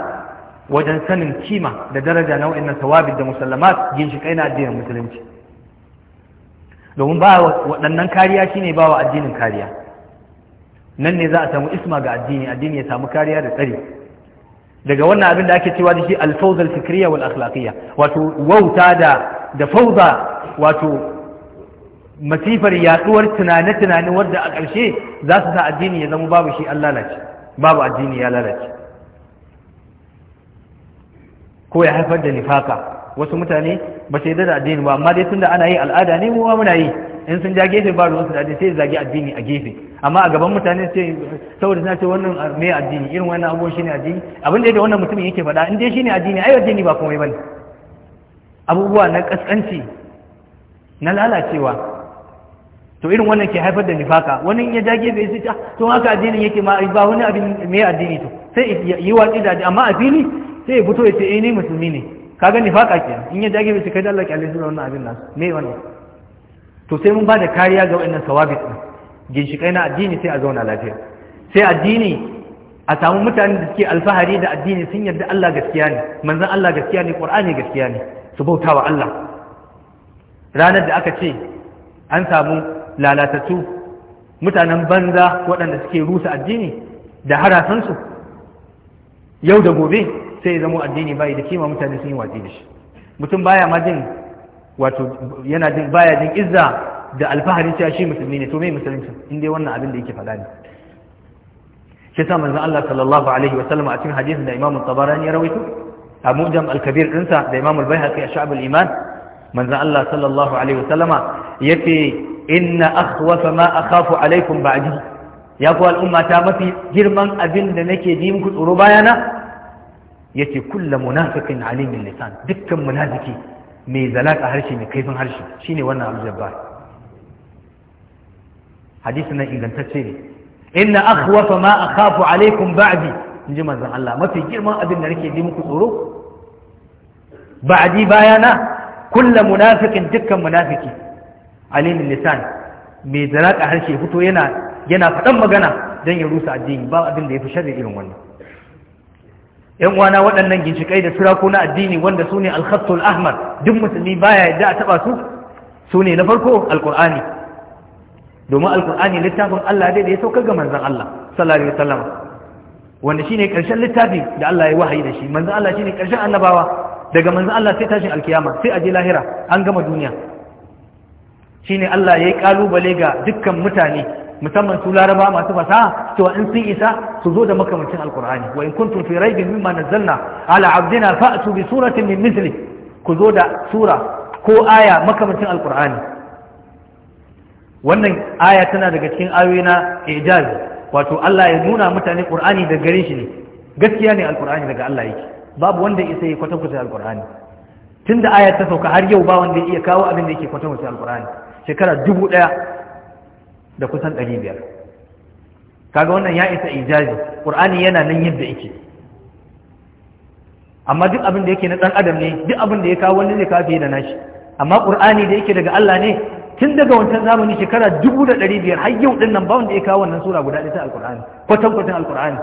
wajen sanin kima da daraja na wa'annan tawabi da musallamat ginshi-kaina addinin musulunci domin ba waɗannan kariya shine ba wa addinin kariya nan ne za a samu isma ga addini addini ya samu kariya da tsari daga wannan abin da ake cewa da shi alfawzal fikriya wal akhlaqiyya wato wauta da da fauza wato masifar yaduwar tunane tunane wanda a ƙarshe za su sa addini ya zama babu shi an lalace babu addini ya lalace ko ya haifar da nifaka wasu mutane ba su yadda da addini ba amma dai tunda ana yi al'ada ne mu ma muna yi in sun ja gefe ba su da sai zage addini a gefe amma a gaban mutane sai saboda suna ce wannan ah, me addini irin wannan abubuwan shine addini abin da wannan mutumin yake faɗa in dai shine addini ai addini ba komai bane abubuwa na kaskanci na lalacewa to irin wannan ke haifar da nifaka wani ya ja gefe sai ta ah, to haka addinin yake ma ba wani abin me addini to sai yi wa da amma a fili sai ya fito ya ce eh ni musulmi ne ka ga nifaka ke in yadda ake bincike da Allah kyale su wannan abin nasu me wannan to sai mun ba da kariya ga wannan sawabit din ginshikai na addini sai a zauna lafiya sai addini a samu mutanen da suke alfahari da addini sun yarda Allah gaskiya ne manzon Allah gaskiya ne Qur'ani gaskiya ne su bauta wa Allah ranar da aka ce an samu lalatattu mutanen banza waɗanda suke rusa addini da harasansu yau da gobe sai ya zama addini bai da kima mutane sun yi watsi da shi mutum baya ma jin wato yana jin baya jin izza da alfaharin cewa shi musulmi ne to me musulunci in dai wannan abin da yake faɗa ne shi sa manzon Allah sallallahu alaihi wa sallam a cikin hadisin da Imam Tabarani ya rawaito a Mujam al-Kabir dinsa da Imam al-Baihaqi a Shu'ab al-Iman manzon Allah sallallahu alaihi wa sallama yace inna akhwafa ma akhafu alaikum ba'di ya ku al'umma ta mafi girman abin da nake ji muku tsoro bayana yace kulla munafikin alimin lisan dukkan munafiki mai zalaka harshe mai kaifin harshe shine wannan Abu Jabbar hadisi nan ingantacce ne inna akhwafa ma akhafu alaikum ba'di inji manzon Allah mafi girman abin da nake ji muku tsoro ba'di bayana kulla munafikin dukkan munafiki alimin lisan mai zalaka harshe fito yana yana faɗan magana don ya rusa addini ba abin da ya fi sharri irin wannan yan uwana waɗannan ginshiƙai da sirako na addini wanda su ne alkhattul ahmar duk musulmi baya yadda a taɓa su su ne na farko alƙur'ani domin alƙur'ani littafin Allah dai da ya saukar ga manzan Allah sallallahu alaihi wasallam wanda shine ƙarshen littafi da Allah ya wahayi da shi manzan Allah shine ƙarshen annabawa daga manzan Allah sai tashin alkiyama sai aje lahira an gama duniya shine Allah ya yi ƙalubale ga dukkan mutane musamman su laraba masu fasaha cewa in sun isa su zo da makamancin alkur'ani wa in kuntum fi raibin mimma nazzalna ala abdina fa'tu bi suratin min mithli ku zo da sura ko aya makamancin alkur'ani wannan aya tana daga cikin ayoyi na ijaz wato Allah ya nuna mutane qur'ani da gare shi ne gaskiya ne alkur'ani daga Allah yake babu wanda isa ya kwatanta alkur'ani tunda aya ta sauka har yau ba wanda ya iya kawo abin da yake kwatanta alkur'ani shekara dubu ɗaya da kusan ɗari biyar kaga wannan ya isa ijazi ƙur'ani yana nan yadda yake amma duk abin da yake na ɗan adam ne duk abin da ya kawo wani zai kawo da nashi amma ƙur'ani da yake daga Allah ne tun daga wancan zamani shekara dubu da ɗari biyar har yau ɗin nan ba wanda ya kawo wannan sura guda ɗaya ta alƙur'ani kwatan kwatan alƙur'ani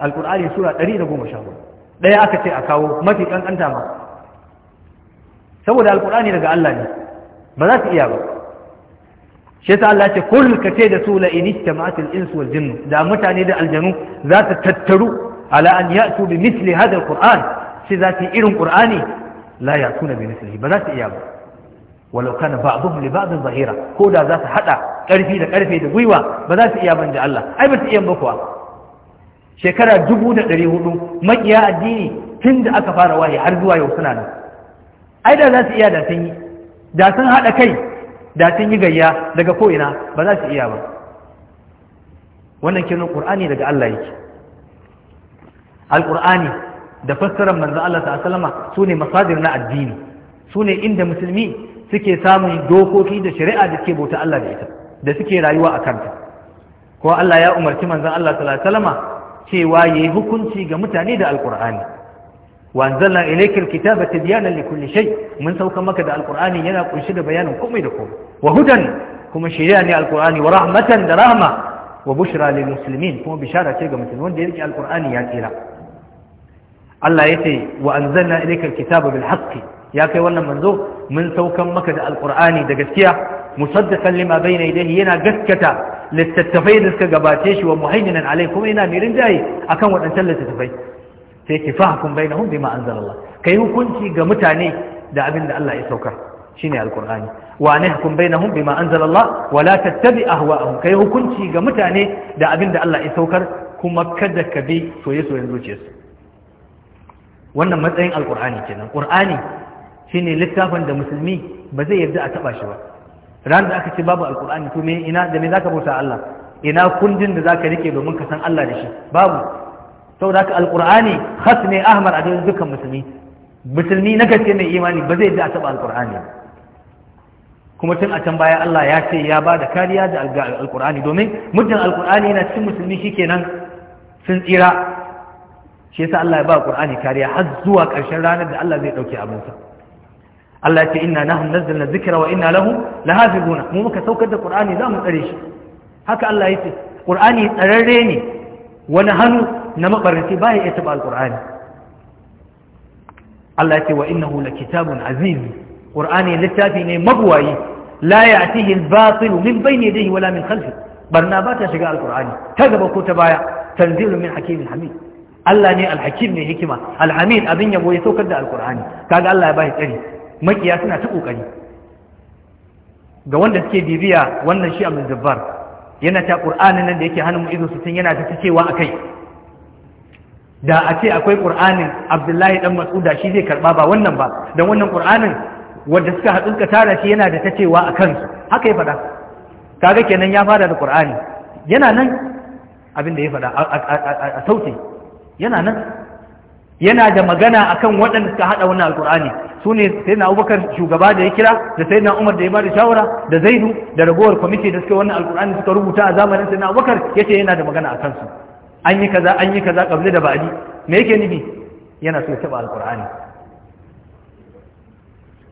alƙur'ani sura ɗari da goma sha ɗaya aka ce a kawo mafi ƙanƙanta ma saboda alƙur'ani daga Allah ne ba za su iya ba shi yasa Allah ce kul ka ce da su la in ijtama'at al insu wal jinnu da mutane da aljanu za su tattaru ala an ya'tu bi misli hadha al qur'an sai za su yi irin qur'ani la ya'tuna bi mislihi ba za su iya ba walau kana ba'dhum li ba'd zahira ko da za su hada karfi da karfe da gwiwa ba za su iya ban da Allah ai ba su iya ba kuwa shekara 1400 makiya addini tun da aka fara wahi har zuwa yau suna nan ai da za su iya da sun yi da sun hada kai da sun yi gayya daga ko'ina ba za su iya ba wannan kiran ƙur'ani daga Allah yake alƙur'ani da fassarar manzan Allah ta asalama su ne masadir na addini su ne inda musulmi suke samun dokoki da shari'a da suke bauta Allah da ita da suke rayuwa a kanta ko Allah ya umarci manzan Allah ta asalama cewa ya yi hukunci ga mutane da alƙur'ani وأنزلنا إليك الكتاب تبيانا لكل شيء من سوك مكة القرآن ينا قنشد بيانا كم لكم وهدى كما شريان القرآن ورحمة درهمة وبشرى للمسلمين كما بشارة تيغة مثل وان ديرك القرآن يأتينا الله يتي وأنزلنا إليك الكتاب بالحق يا كي وانا منذ من سوك مكة القرآن دقسكيا مصدقا لما بين يديه ينا قسكتا للتتفيد لسك قباتيش ومهيمنا عليكم ينا ميرين جاي أكون أنسل للتتفيد sai ki fahkum bainahum bima Ka yi hukunci ga mutane da abin da Allah ya saukar Shi shine alqur'ani wa nahkum bainahum bima anzalallah wa la tattabi Ka yi hukunci ga mutane da abin da Allah ya saukar kuma kada ka bi soye soyen zuciyarsu wannan matsayin alqur'ani kenan qur'ani ne littafin da musulmi ba zai yarda a taba shi ba ran da aka ce babu alqur'ani to me ina da me zaka bauta Allah ina kundin da zaka rike domin ka san Allah da shi babu saboda haka alkurani khas ne ahmar a cikin dukkan musulmi musulmi na gaske mai imani ba zai da a taba alqur'ani kuma tun a can baya Allah ya ce ya ba da kariya da alqur'ani domin muddin alqur'ani yana cikin musulmi shikenan sun tsira shi yasa Allah ya ba alqur'ani kariya har zuwa ƙarshen ranar da Allah zai dauke sa. Allah ya ce inna nahnu nazzalna dhikra wa inna lahu lahafizuna mu muka saukar da qur'ani za mu tsare shi haka Allah ya ce qur'ani tsararre ne wani hannu na mabarnaci baya iya taba alkur'ani Allah ce wa hula kitabun aziz Ƙur'ani littafi ne magwayi la ya'tihi al-batil min bayni dai wala min khalfi barna ba ta shiga alqur'ani ta gaba ko ta baya tanzilun min hakimin hamid Allah ne alhakim ne hikima alhamid abin yabo ya saukar da alkur'ani kaga Allah ya bai tsari makiya suna ta kokari ga wanda suke bibiya wannan shi abin Jabbar yana ta ƙur'anin nan da yake hannun izu sittin yana ta cewa a kai da a ce akwai ƙur'anin abdullahi dan matsuda shi zai karɓa ba wannan ba don wannan ƙur'anin wanda suka haɗu ka tara shi yana da ta cewa a kansu haka ya faɗa kaga kenan ya fara da ƙur'ani yana nan abin da ya faɗa a sauti yana nan yana da magana akan waɗanda suka haɗa wannan alƙur'ani su ne sai na abubakar shugaba da ya kira da sai na umar da ya bada shawara da zaidu da ragowar kwamiti da suka wannan alƙur'ani suka rubuta a zamanin sai na abubakar ya ce yana da magana a kansu an yi kaza an yi kaza ƙabli da ba'adi me yake nufi yana so ya taɓa alƙur'ani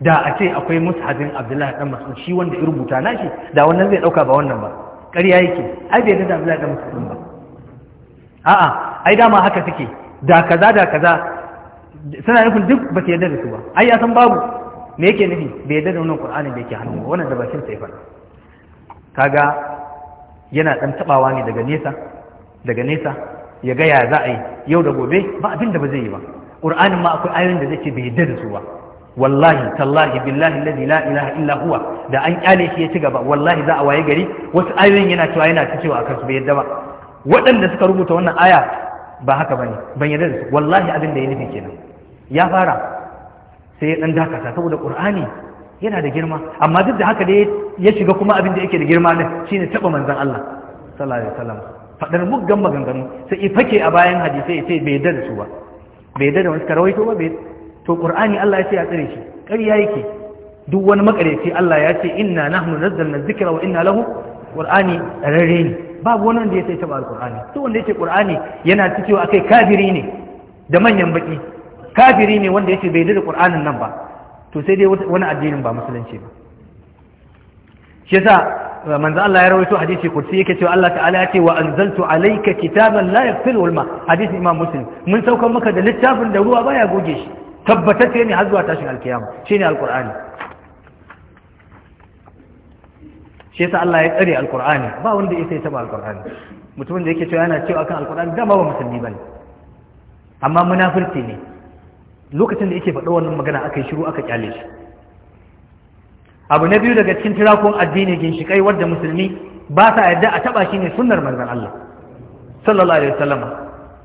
da a ce akwai mushafin abdullahi dan mas'ud shi wanda ya rubuta nashi da wannan zai ɗauka ba wannan ba ƙarya yake ai bai da abdullahi dan mas'ud ba a'a ai dama haka suke da kaza da kaza suna nufin duk ba su yarda da su ba ai ya san babu me yake nufi bai yarda da wannan qur'anin da yake hannu wannan da bakin sai fara kaga yana dan tabawa ne daga nesa daga nesa ya ga ya za a yi yau da gobe ba abin da ba zai yi ba qur'anin ma akwai ayoyin da zai ce bai yarda da su ba wallahi tallahi billahi alladhi la ilaha illa huwa da an kyale shi ya ci gaba wallahi za a waye gari wasu ayoyin yana cewa yana ta cewa akan su bai yadda ba waɗanda suka rubuta wannan aya ba haka bane ban yarda da su wallahi abin da ya nufi kenan ya fara sai ya dan dakata saboda qur'ani yana da girma amma duk da haka dai ya shiga kuma abin da yake da girma ne shine taba manzon Allah sallallahu alaihi wasallam fadar muggan maganganu sai ya fake a bayan hadisi sai bai yarda da su ba bai yarda da wani karawaito ba bai to qur'ani Allah ya ce ya tsare shi ƙarya yake duk wani makareci Allah ya ce inna nahnu nazzalna dhikra wa inna lahu qur'ani rarreni. babu wani wanda ya sai taba Alƙur'ani. to wanda yake qur'ani yana cikewa akai kafiri ne da manyan baki kafiri ne wanda yake bai da qur'anin nan ba to sai dai wani addinin ba musulunci ba shi yasa eh, manzo Allah ya rawaito hadisi kursi yake cewa Allah ta'ala ya ce wa anzaltu alayka kitaban la yaghsilu al hadisi imam muslim mun saukar maka da littafin da ruwa baya goge shi tabbatacce ne har zuwa tashin alkiyama shine alqur'ani shi yasa Allah ya tsare alqur'ani ba wanda yake taba alqur'ani mutumin da yake cewa yana cewa akan alqur'ani dama ba musulmi bane amma munafirci ne lokacin da yake faɗo wannan magana aka yi shiru aka kyale shi abu na biyu daga cikin tirakun addini ginshikai wadda musulmi ba sa yadda a taba shine sunnar manzon Allah sallallahu alaihi wasallam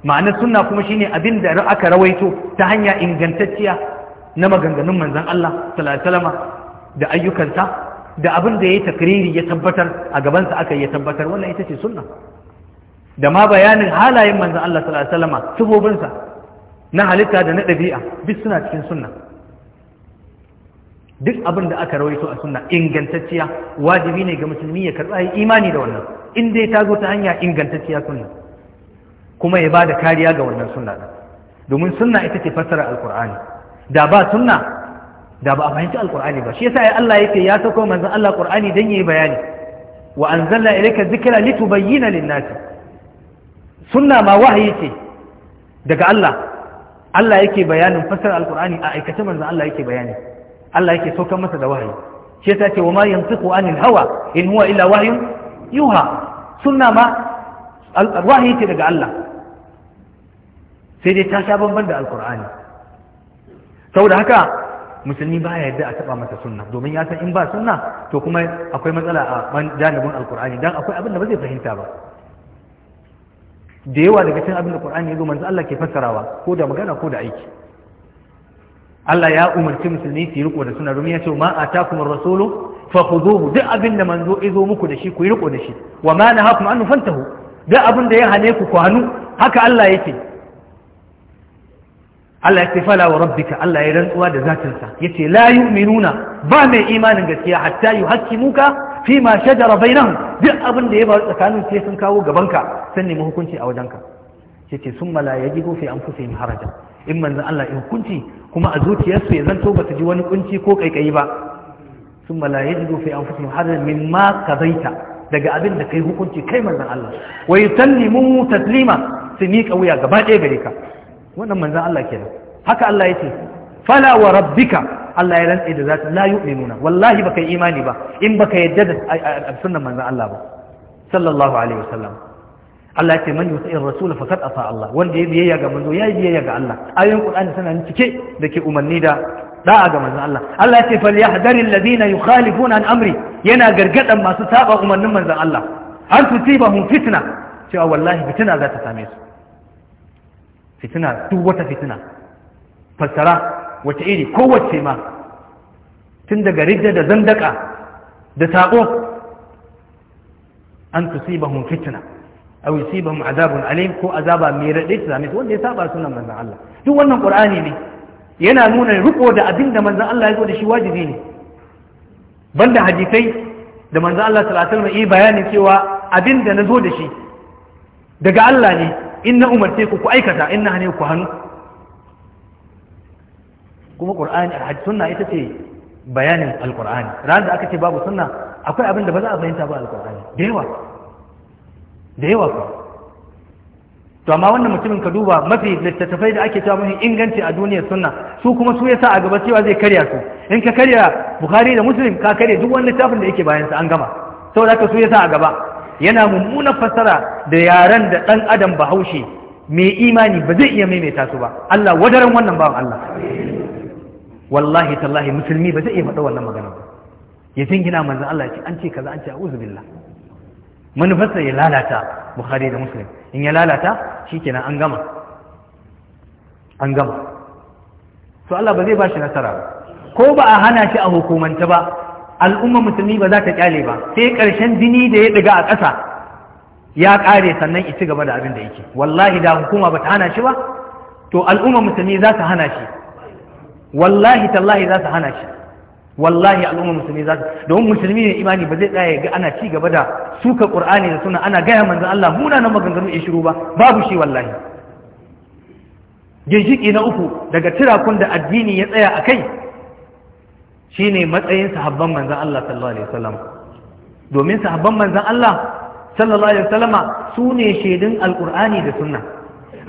ma'anar sunna kuma shine abin da aka rawaito ta hanya ingantacciya na maganganun manzon Allah sallallahu alaihi wasallam da ayyukansa da abin da ya yi takriri ya tabbatar a gabansa aka yi ya tabbatar wannan ita ce sunna da ma bayanin halayen manzan Allah sallallahu alaihi wasallama na halitta da na dabi'a duk suna cikin sunna duk abin da aka rawaito a sunna ingantacciya wajibi ne ga musulmi ya karɓa yi imani da wannan in dai ta zo ta hanya ingantacciya sunna kuma ya bada kariya ga wannan sunna domin sunna ita ce fassara alkur'ani da ba sunna da ba a fahimci alqur'ani ba shi yasa ya Allah yake ya sako manzon Allah qur'ani dan yayi bayani wa anzalna ilayka dhikra litubayyana lin-nas sunna ma wahayi ce daga Allah Allah yake bayanin fasar alqur'ani a aikace manzon Allah yake bayani Allah yake saukar masa da wahayi shi yasa ce wa ma yantiqu anil hawa in huwa illa wahyun yuha sunna ma wahayi ce daga Allah sai dai ta sha bamban da alqur'ani saboda haka musulmi ba ya yadda a taba masa sunna domin ya san in ba sunna to kuma akwai matsala a janibin alkur'ani dan akwai abin da ba zai fahimta ba da yawa daga cikin abin da qur'ani ya zo manzo Allah ke fassarawa ko da magana ko da aiki Allah ya umarci musulmi su yi riko da sunna domin ya ce ma atakum ar-rasulu fakhuduhu duk abin da manzo izo muku da shi ku yi riko da shi wa ma nahakum anhu fantahu duk abin da ya hane ku ku hanu haka Allah yake Allah ya ce fala wa rabbika Allah ya rantsuwa da zatinsa yace la yu'minuna ba mai imanin gaskiya hatta yuhaqqimuka fi ma shajara bainahum duk abin da ya faru tsakanin sai sun kawo gabanka sun nemi hukunci a wajenka yace summa la yajibu fi anfusihim haraja in manzon Allah ya hukunci kuma a zuciyarsu ya zanto ba su ji wani kunci ko kaikayi ba summa la yajibu fi anfusihim haraja mimma qadaita daga abin da kai hukunci kai manzan Allah wa yusallimu taslima su miƙa wuya gaba ɗaya gare ka wannan manzan Allah kenan haka Allah ya ce fala wa rabbika Allah ya rantsa da zata la yu'minuna wallahi baka yi imani ba in baka yadda da sunnan manzan Allah ba sallallahu alaihi wasallam Allah ya ce man yuti ar-rasul faqad ata Allah wanda ya biyayya ga manzo ya biyayya ga Allah ayoyin Qur'ani suna nan cike da ke umarni da da'a ga manzan Allah Allah ya ce falyahdharil ladina yukhalifuna an amri yana gargadan masu saba umarnin manzan Allah an tusibahum fitna cewa wallahi fitna za ta same su fitina duk wata fitina fassara wace iri kowace ma tun daga rijda da zandaka da sabo an tusibahum fitna aw yusibahum azabun alim ko azaba mai raɗe ta zame wanda ya saba sunan manzan Allah duk wannan ƙur'ani ne yana nuna riko da abin da manzon Allah ya zo da shi wajibi ne banda hadisai da manzan Allah sallallahu alaihi wasallam yi bayanin cewa abin da na zo da shi daga Allah ne in na umarce ku ku aikata in na hane ku hannu kuma qur'ani alhaji sunna ita ce bayanin alqur'ani ran da aka ce babu sunna akwai abin da ba za a fahimta ba alqur'ani da yawa da yawa ko to amma wannan mutumin ka duba mafi littattafai da ake cewa mafi inganci a duniyar sunna su kuma su yasa a gaba cewa zai karya su in ka karya bukhari da muslim ka karya duk wani littafin da yake bayan sa an gama saboda ka su yasa a gaba yana mummunan fasara da yaren da ɗan adam bahaushe mai imani ba zai iya maimaita su ba Allah wadaran wannan bawan Allah wallahi tallahi musulmi ba zai iya faɗa wannan magana ba ya jingina manzon Allah ya ce an ce kaza an ce a'udhu billah manufarsa ya lalata Bukhari da Muslim in ya lalata shikenan an gama an gama to Allah ba zai ba shi nasara ba ko ba a hana shi a hukumanta ba al'umma musulmi ba za ta kyale ba sai ƙarshen jini da ya ɗiga a ƙasa ya ƙare sannan ya ci gaba da abin da yake wallahi da hukuma ba ta hana shi ba to al'umma musulmi za ta hana shi wallahi tallahi za ta hana shi wallahi al'umma musulmi za ta domin musulmi ne imani ba zai tsaya ga ana ci gaba da suka qur'ani da suna ana gaya manzon Allah munanan maganganu ya shiru ba babu shi wallahi ginshiki na uku daga tirakun da addini ya tsaya a kai shine matsayin sahabban manzan Allah sallallahu alaihi wasallam domin sahabban manzan Allah sallallahu alaihi wasallam su ne shaidun alqur'ani da sunna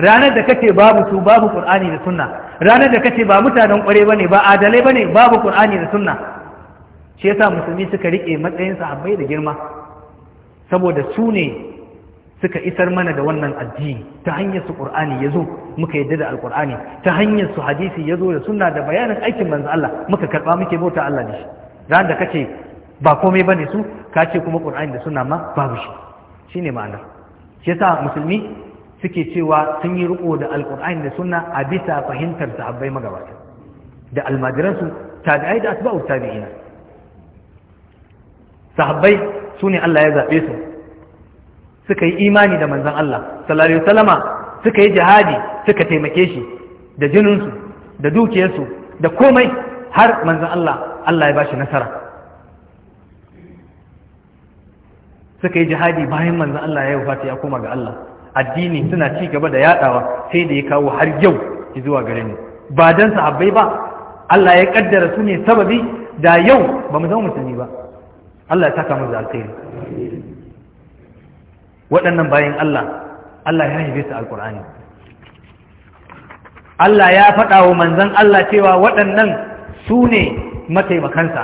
ranar da kace babu su babu qur'ani da sunna ranar da kace ba mutanen kware bane ba adalai bane babu qur'ani da sunna shi yasa musulmi suka rike matsayin sahabbai da girma saboda su ne suka isar mana da wannan addini ta hanyar su qur'ani yazo muka yadda da alqur'ani ta hanyar su hadisi yazo da sunna da bayanan aikin manzo Allah muka karba muke bauta Allah da shi ran da kace ba komai bane su kace kuma qur'ani da sunna ma babu shi shine ma'ana shi yasa musulmi suke cewa sun yi riko da alqur'ani da sunna a bisa fahimtar sahabbai magabata da almajiransu tabi'ai da asba'u tabi'ina sahabbai sune Allah ya zabe su suka yi imani da manzan Allah sallallahu alaihi suka yi jihadi suka taimake shi da jininsu da dukiyarsu da komai har manzon Allah Allah ya bashi nasara suka yi jihadi bayan manzon Allah ya wufata ya koma ga Allah addini suna ci gaba da yadawa sai da ya kawo har yau zuwa gare mu ba dan sahabbai ba Allah ya kaddara su ne sababi da yau ba mu zama musulmi ba Allah ya saka mu da alkhairi waɗannan bayan Allah Allah ya haife su Alƙur'ani. Allah ya faɗa wa manzon Allah cewa waɗannan su ne mataimakansa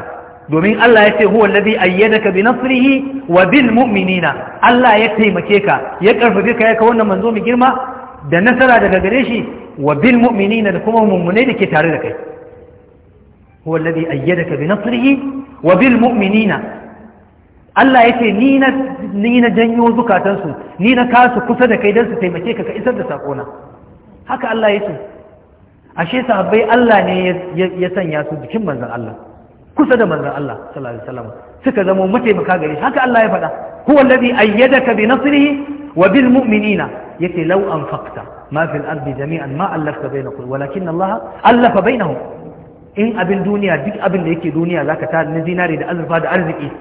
domin Allah ya ce huwa alladhi ayyadaka bi nasrihi wa bil mu'minina Allah ya taimake ka ya karfafe ka ya ka wannan manzo mai girma da nasara daga gare shi wa bil mu'minina da kuma mummunai da ke tare da kai huwa alladhi ayyadaka bi nasrihi wa bil mu'minina Allah ya ce ni na janyo zukatansu ni na kasu kusa da kai don su taimake ka ka isar da sakona haka Allah ya ce ashe sahabbai Allah ne ya sanya su jikin manzon Allah kusa da manzon Allah sallallahu alaihi wasallam suka zama mataimaka gare shi haka Allah ya faɗa huwa alladhi ayyadaka bi nasrihi wa bil mu'minina yace law anfaqta ma fil ardi jami'an ma allafta baina qul walakin Allah allafa bainahum in abin duniya duk abin da yake duniya zaka ta na zinare da azurfa da arziki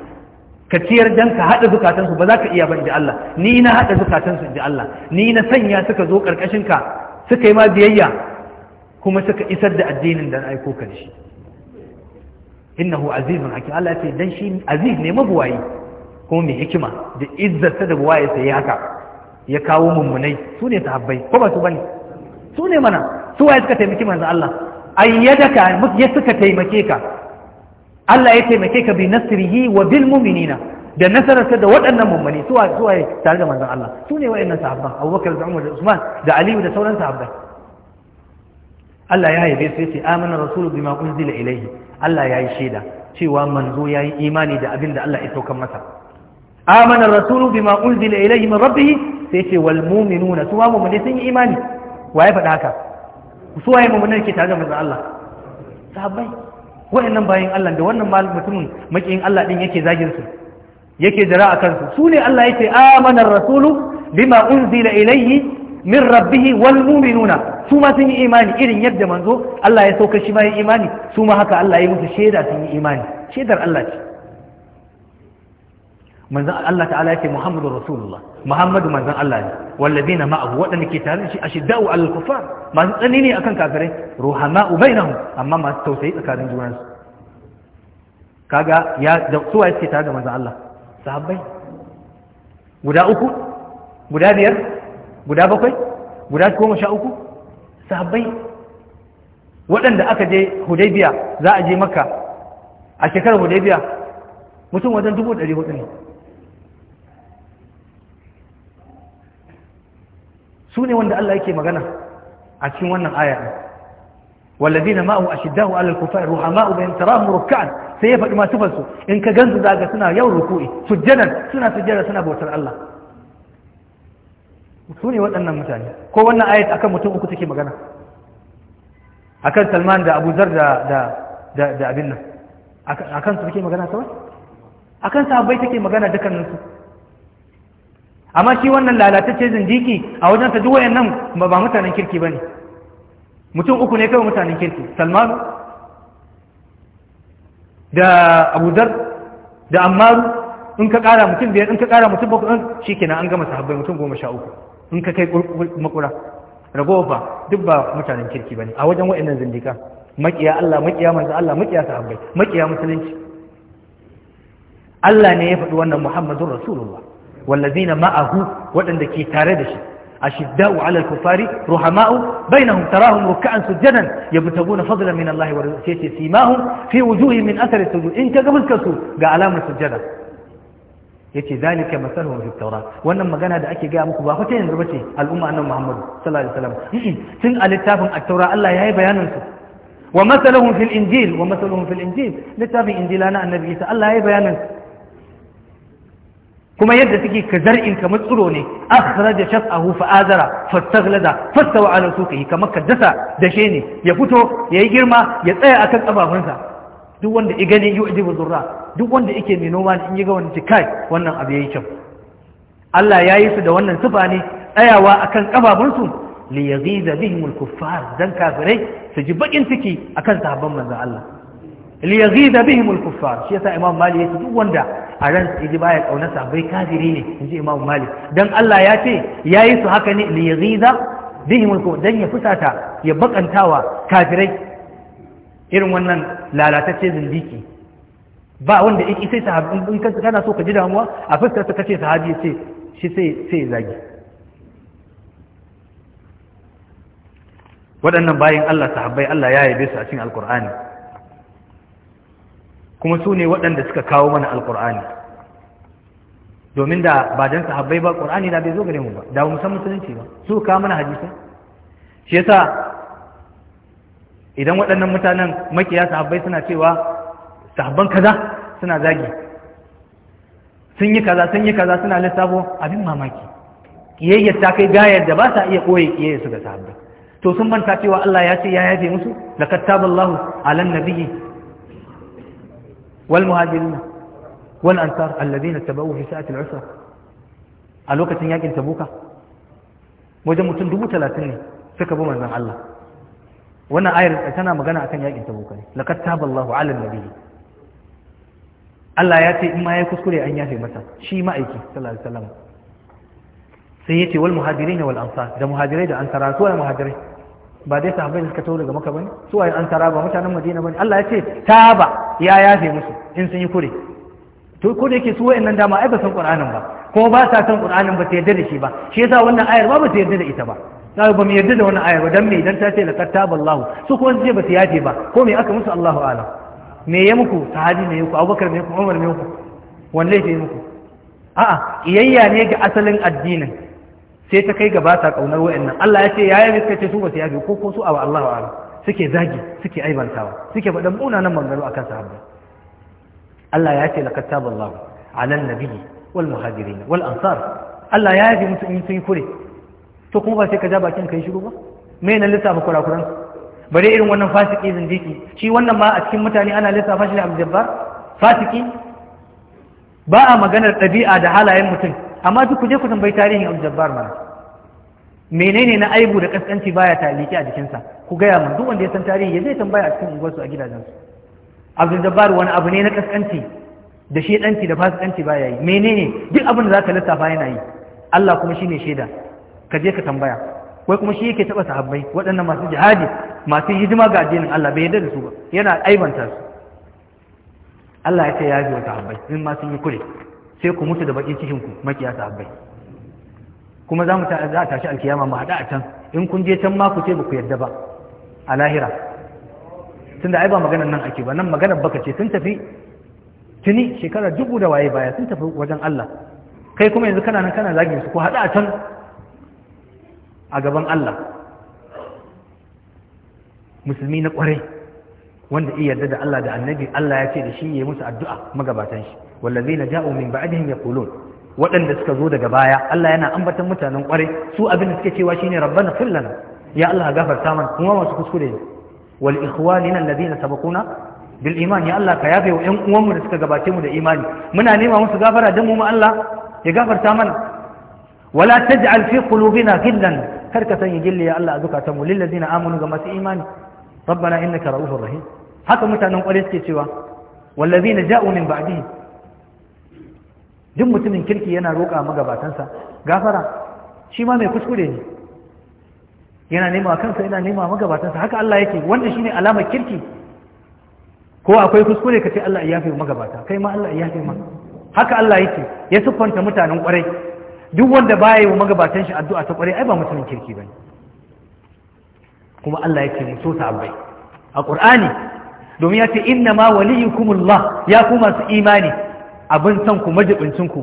ka ciyar dan ka haɗa zukatansu ba za ka iya ban da Allah ni na haɗa su da Allah ni na sanya suka zo ƙarƙashin ka suka yi ma biyayya kuma suka isar da addinin da aiko kan shi innahu azizun hakim Allah ya ce dan shi aziz ne mabuwayi kuma mai hikima da izzarsa da buwaye sai haka ya kawo mummunai su ne sahabbai ko ba su bane su ne mana su waye suka taimaki manzo Allah ayyadaka ya suka taimake ka Allah ya taimake ka bi nasrihi wa bil mu'minina da nasararsa da waɗannan mummuni suwa suwa tare da manzon Allah su ne waɗannan sahabban Abubakar da Umar da Usman da Ali da sauran sahabbai Allah ya haife su yace amana rasulu bima unzila ilayhi Allah ya yi shaida cewa manzo ya yi imani da abin da Allah ya saukar masa amana rasulu bima unzila ilayhi min rabbih sai ce wal mu'minuna su ma mummuni sun yi imani waye faɗa haka su waye mummuni ke tare da manzon Allah sahabbai Waɗannan bayan Allah da wannan mutumin makiyin Allah ɗin yake zagin su yake jira a kansu su ne Allah yake amana rasulu bima unzila ilayhi min rabbihi wal mu'minuna su ma sun yi imani irin yadda manzo Allah ya sauka shi ma imani su ma haka Allah ya musu shaida sun yi imani shaidar Allah ce Manzan Allah ta'ala ya yake Muhammadu Rasulullah Muhammadu manzan Allah ne wallazina ma'ahu wadanda ke tare da shi ashiddau alal kuffar masu tsani ne akan kafirai ruhama'u bainahum amma masu tausayi tsakanin junansu kaga ya da suwa yake tare da manzan Allah sahabbai guda uku guda biyar guda bakwai guda goma sha uku sahabbai waɗanda aka je Hudaybiya za a je Makka a shekarar Hudaybiya mutum wajen dubu ɗari hudu ne su ne wanda Allah yake magana a cikin wannan aya din walladina ma'ahu ashiddahu 'ala al-kufar ruhama'u bayn tarahum ruk'an sai ya faɗi masu fansu in ka gansu daga suna yau ruku'i sujjadan suna sujjada suna bautar Allah su ne waɗannan mutane ko wannan ayat akan mutum uku take magana akan Salman da Abu Zar da da da abin nan akan su take magana kawai akan sahabbai take magana dukkaninsu amma shi wannan lalatacce zindiki a wajen ta duwayen nan ba mutanen kirki ba ne mutum uku ne kawai mutanen kirki salmanu da abudar da ammaru in ka kara mutum biyar in ka kara mutum bakwai shi kenan an gama sahabbai mutum goma sha uku in ka kai makura ragowa ba duk ba mutanen kirki ba ne a wajen wa'annan zindika makiya Allah makiya manzo Allah makiya sahabbai makiya musulunci Allah ne ya faɗi wannan Muhammadun Rasulullah wallazina ma'ahu waɗanda ke tare da shi ashidda'u 'ala al-kuffari ruhama'u bainahum tarahum ruk'an sujadan yabtaguna fadlan min Allah wa rizqihi simahum fi wujuhihim min athari sujud in kaga fuskarsu ga alamar sujada yace zalika masaluhum fi tawrat wannan magana da ake gaya muku ba fata yanzu bace al'umma annabi Muhammad sallallahu alaihi wasallam tun a littafin at-taura Allah yayi bayanin su wa masaluhum fil injil wa masaluhum fil injil littafin Injilana na annabi Isa Allah yayi bayanin su kuma yadda suke ka in kamar tsiro ne sanar da fa azara fastaghlada fastawa ala yi kamar ka dasa dashe ne ya fito yayi girma ya tsaya akan kafafunsa duk wanda ya gani yu'jibu zurra duk wanda yake mai noma in yi ga wani kai wannan abu yi kyau Allah ya yi su da wannan sifa ne tsayawa akan kafafunsu li yaghiza bihim kuffar dan kafirai su ji baƙin ciki akan sahabban manzon Allah li riza bihim al-kuffar shi yasa imam malik yace duk wanda a ran sa baya kauna sa bai kafiri ne inji imam malik dan Allah ya ce yayi su haka ne li yaghida kuffar dan ya fusata ya bakantawa kafirai irin wannan lalatacce zindiki ba wanda yake sai sahabi in kana so ka ji damuwa a fuskar ka kace sahabi ce shi sai sai zagi waɗannan bayan Allah sahabbai Allah ya yabe su a cikin alkur'ani kuma su ne waɗanda suka kawo mana alƙur'ani domin da ba don sahabbai ba ƙur'ani da bai zo gare mu ba da musan musulunci ba su kawo mana hadisai shi yasa idan waɗannan mutanen makiya sahabbai suna cewa sahabban kaza suna zagi sun yi kaza sun yi kaza suna lissafo abin mamaki kiyayyar ta kai gayar da ba sa iya ɓoye kiyayyar su ga sahabbai to sun manta cewa Allah ya ce ya yafe musu laqad taballahu alan nabiyyi والمهاجرين والأنصار الذين اتبعوه في ساعة العسرة a lokacin yakin tabuka wajen mutum dubu talatin ne suka bi manzon Allah wannan ayar tana magana akan yakin tabuka ne laqad Allah ya ce in ma yi kuskure an yafe masa shi ma'aiki sallallahu alaihi wasallam sai yace wal muhajirin wal ansar da muhajirai da ansara su wal muhajirai ba dai sahabbai da suka tauri daga maka bane su waye an tara ba mutanen madina bane Allah ya ce taba ya yafe musu in sun yi kure to ko da yake su wayannan dama ai ba san qur'anin ba ko ba sa san qur'anin ba ta yarda da shi ba shi yasa wannan ayar ba ba ta yarda da ita ba sai ba mu yarda da wannan ayar ba dan me dan ta ce laqad taballahu su ko su ce ba su yafe ba ko me aka musu Allahu a'lam me ya muku sahabi ne ya ku Abubakar ne ku Umar ne ku wallahi ne muku a'a iyayya ne ga asalin addinin sai ta kai gaba ta kaunar wayannan Allah ya ce ya yi suka ce su ba su yafe ko ko su a abu Allah wa'ala suke zagi suke aibantawa suke faɗin munanan mangaro a kan sahabbai Allah ya ce laqad taballahu ala nabiyyi wal muhajirin wal ansar Allah ya yafe musu in sun kure to kuma ba sai ka ja bakin kai shigo ba me na lissafa kurakuran bare irin wannan fasiki zindiki shi wannan ma a cikin mutane ana lissafa shi da Jabbar? fasiki ba a maganar ɗabi'a da halayen mutum amma duk ku ku tambayi tarihin abdabbar mana menene na aibu da kaskanci baya taliki a jikinsa ku gaya mun duk wanda ya san tarihi ya zai tambaya a cikin unguwarsu a gidajensu abdul jabbar wani abu ne na kaskanci da shedanci da fasikanci baya yi menene duk abin da zaka lissafa yana yi Allah kuma shine shaida ka je ka tambaya wai kuma shi yake taba sahabbai waɗannan masu jihadi masu hidima ga addinin Allah bai yarda da su ba yana aibanta su Allah ya ce ya ji wa sahabbai in ma sun yi kure sai ku mutu da bakin cikin ku makiya sahabbai kuma za mu za a tashi alkiyama mu haɗa a can in kun je can ma ku ce ba ku yadda ba a lahira tunda ai ba maganar nan ake ba nan maganar baka ce sun tafi tuni shekara dubu da waye baya sun tafi wajen Allah kai kuma yanzu kana nan kana zagin su ko haɗa a can a gaban Allah musulmi na ƙwarai wanda iya yarda da Allah da annabi Allah ya ce da shi ya musu addu'a magabatan shi wallazina ja'u min ba'dihim yaqulun waɗanda suka zo daga baya Allah yana ambatan mutanen kwarai su abin da suke cewa shine rabbana kullana ya Allah gafarta mana kuma masu kuskure ne wal ikhwanina alladhina sabaquna bil iman ya Allah ka yafe wa ƴan uwanmu da suka gabace mu da imani muna nema musu gafara dan mu ma Allah ya gafarta mana wala taj'al fi qulubina ghillan karka sanya gilli ya Allah a zukatanmu lil ladina amanu ga masu imani rabbana innaka ra'ufur rahim haka mutanen kwarai suke cewa wal ladina ja'u min ba'dihim duk mutumin kirki yana roƙa magabatansa gafara shi ma mai kuskure ne yana nema kansa yana nema magabatansa haka Allah yake wanda shine alamar kirki ko akwai kuskure ka ce Allah ya yafe magabata kai ma Allah ya yafe ma haka Allah yake ya siffanta mutanen kwarai duk wanda baya yi wa magabatan shi addu'a ta kwarai ai ba mutumin kirki bane kuma Allah yake ne so sahabbai a Qur'ani domin ya ce inna ma waliyukumullah ya kuma su imani abin san ku majibincin ku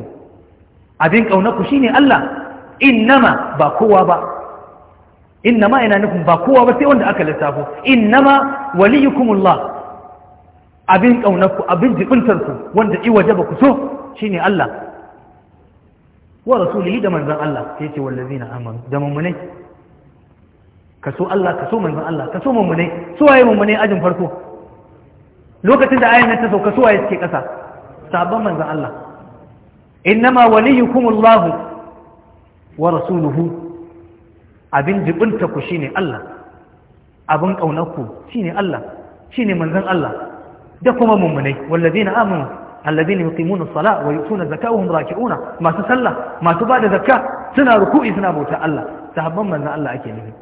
abin kaunar ku shine Allah innama ba kowa ba innama ina nufin ba kowa ba sai wanda aka lissafo innama waliyukumullah abin ku, abin ku, wanda iwaje ba ku so shine Allah wa rasulihi da manzan Allah sai ce wallazi na amanu da mummunai ka so Allah ka so manzan Allah ka so mummunai suwaye mummunai ajin farko lokacin da ayan ta sauka suwaye suke ƙasa sabon manzan Allah innama waliyukum Allah wa rasuluhu abin jibinta ku shine Allah abin ku shine Allah shine manzan Allah da kuma mummunai wallazina amanu alladhina yuqimuna as-salata wa yutuna zakata wa raki'una masu sallah masu bada zakka suna ruku'i suna bauta Allah sahabban manzan Allah ake nufi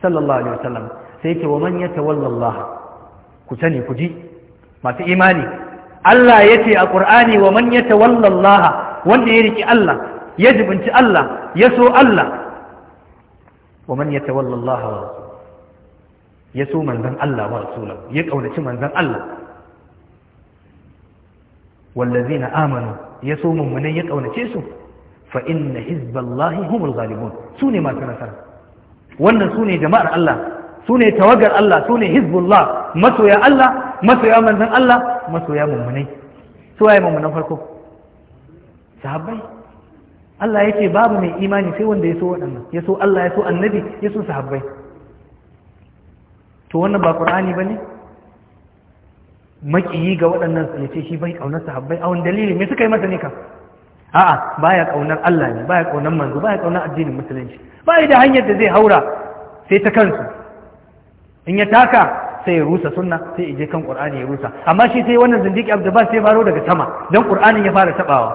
sallallahu alaihi wasallam sai yake wa man yatawalla Allah ku ku ji masu imani Allah ya ce a ƙur'ani wa man ya tawallallaha wanda ya riki Allah ya jibinci Allah ya so Allah wa man ya tawallallaha wa ya so manzan Allah wa rasulahu ya ƙaunaci manzan Allah na amanu ya so mummunai ya ƙaunace su fa inna hizballahi humul ghalibun su ne masu nasara wannan su ne jama'ar Allah su ne tawagar Allah su ne hizbullah masoya Allah masoya manzan Allah masoya mummunai su waye mummunan farko sahabbai Allah yake babu mai imani sai wanda ya so waɗannan ya so Allah ya so annabi ya so sahabbai to wannan ba qur'ani bane makiyi ga waɗannan ya ce shi bai kaunar sahabbai a wani dalili me suka yi masa ne ka a'a baya kaunar Allah ne baya kaunar manzo baya kaunar addinin musulunci bai da hanyar da zai haura sai ta kansu in ya taka sai ya rusa sunna sai ije kan qur'ani ya rusa amma shi sai wannan zindiki abdubas sai faro daga sama dan qur'anin ya fara tabawa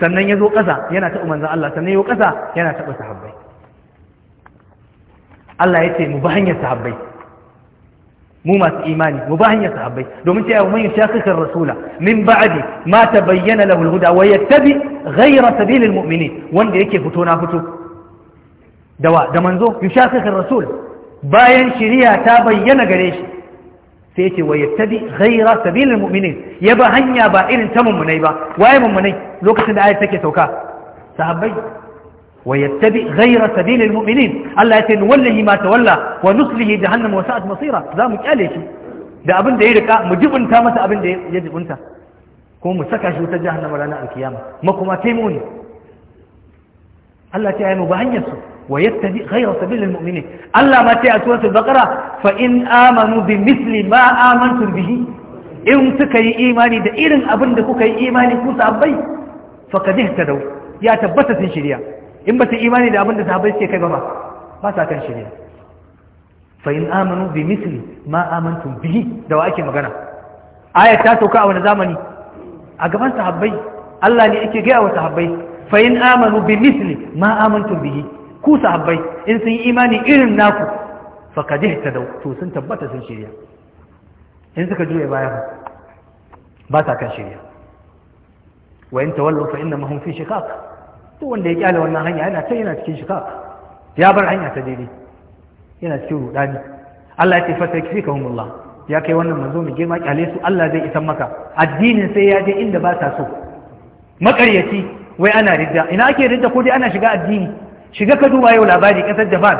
sannan ya zo ƙasa yana taɓa manzan Allah sannan ya zo ƙasa yana taɓa sahabbai Allah ya ce mu ba hanyar sahabbai mu masu imani mu ba hanyar sahabbai domin cewa mun yi shakikar rasula min ba'adi ma ta bayyana lahul huda wa yattabi ghayra sabilil mu'minin wanda yake fito na fito da wa da manzo yushakikar rasul bayan shiriya ta bayyana gare shi sai ce wa yattabi ghayra sabilil mu'minin ya ba hanya ba irin ta mummunai ba waye mummunai lokacin da ayat ke sauka sahabbai wa yattabi ghayra sabilil mu'minin Allah ya yace wallahi ma tawalla wa nuslihi jahannam wa sa'at masira za mu kyale shi da abin da ya rika mu jibunta masa abin da ya jibunta ko mu saka shi wutar jahannama ranar alkiyama makuma taimuni Allah ya yi mu ba hanyar su ويتبع غير سبيل المؤمنين الله ما تي سورة البقرة فإن آمنوا بمثل ما آمنتم به إن سكي إيماني دائرن أبن دكوكي إيماني كوس أبي فقد اهتدوا يا تبتت شريا إن بس إيماني دابن دكوكي سكي كبابا ما ساكن شريا فإن آمنوا بمثل ما آمنتم به دوائك مغانا آية تاسو كأو نزامني أقبان صحبي الله ني أكي جاء وصحبي فإن آمنوا بمثل ما آمنتم به ku sahabbai in sun yi imani irin naku faqad ihtadaw to sun tabbata sun shirya in suka juya baya ba ta kan shirya wa in tawallu fa innama hum fi shiqaq to wanda ya kyale wannan hanya yana ta yana cikin shiqaq ya bar hanya ta daidai yana cikin rudani Allah ya ce ka takfikahumullah ya kai wannan manzo mai girma kyale su Allah zai isan maka addinin sai ya je inda ba ta so makaryaci wai ana ridda ina ake ridda ko dai ana shiga addini shiga ka duba yau labari kasar japan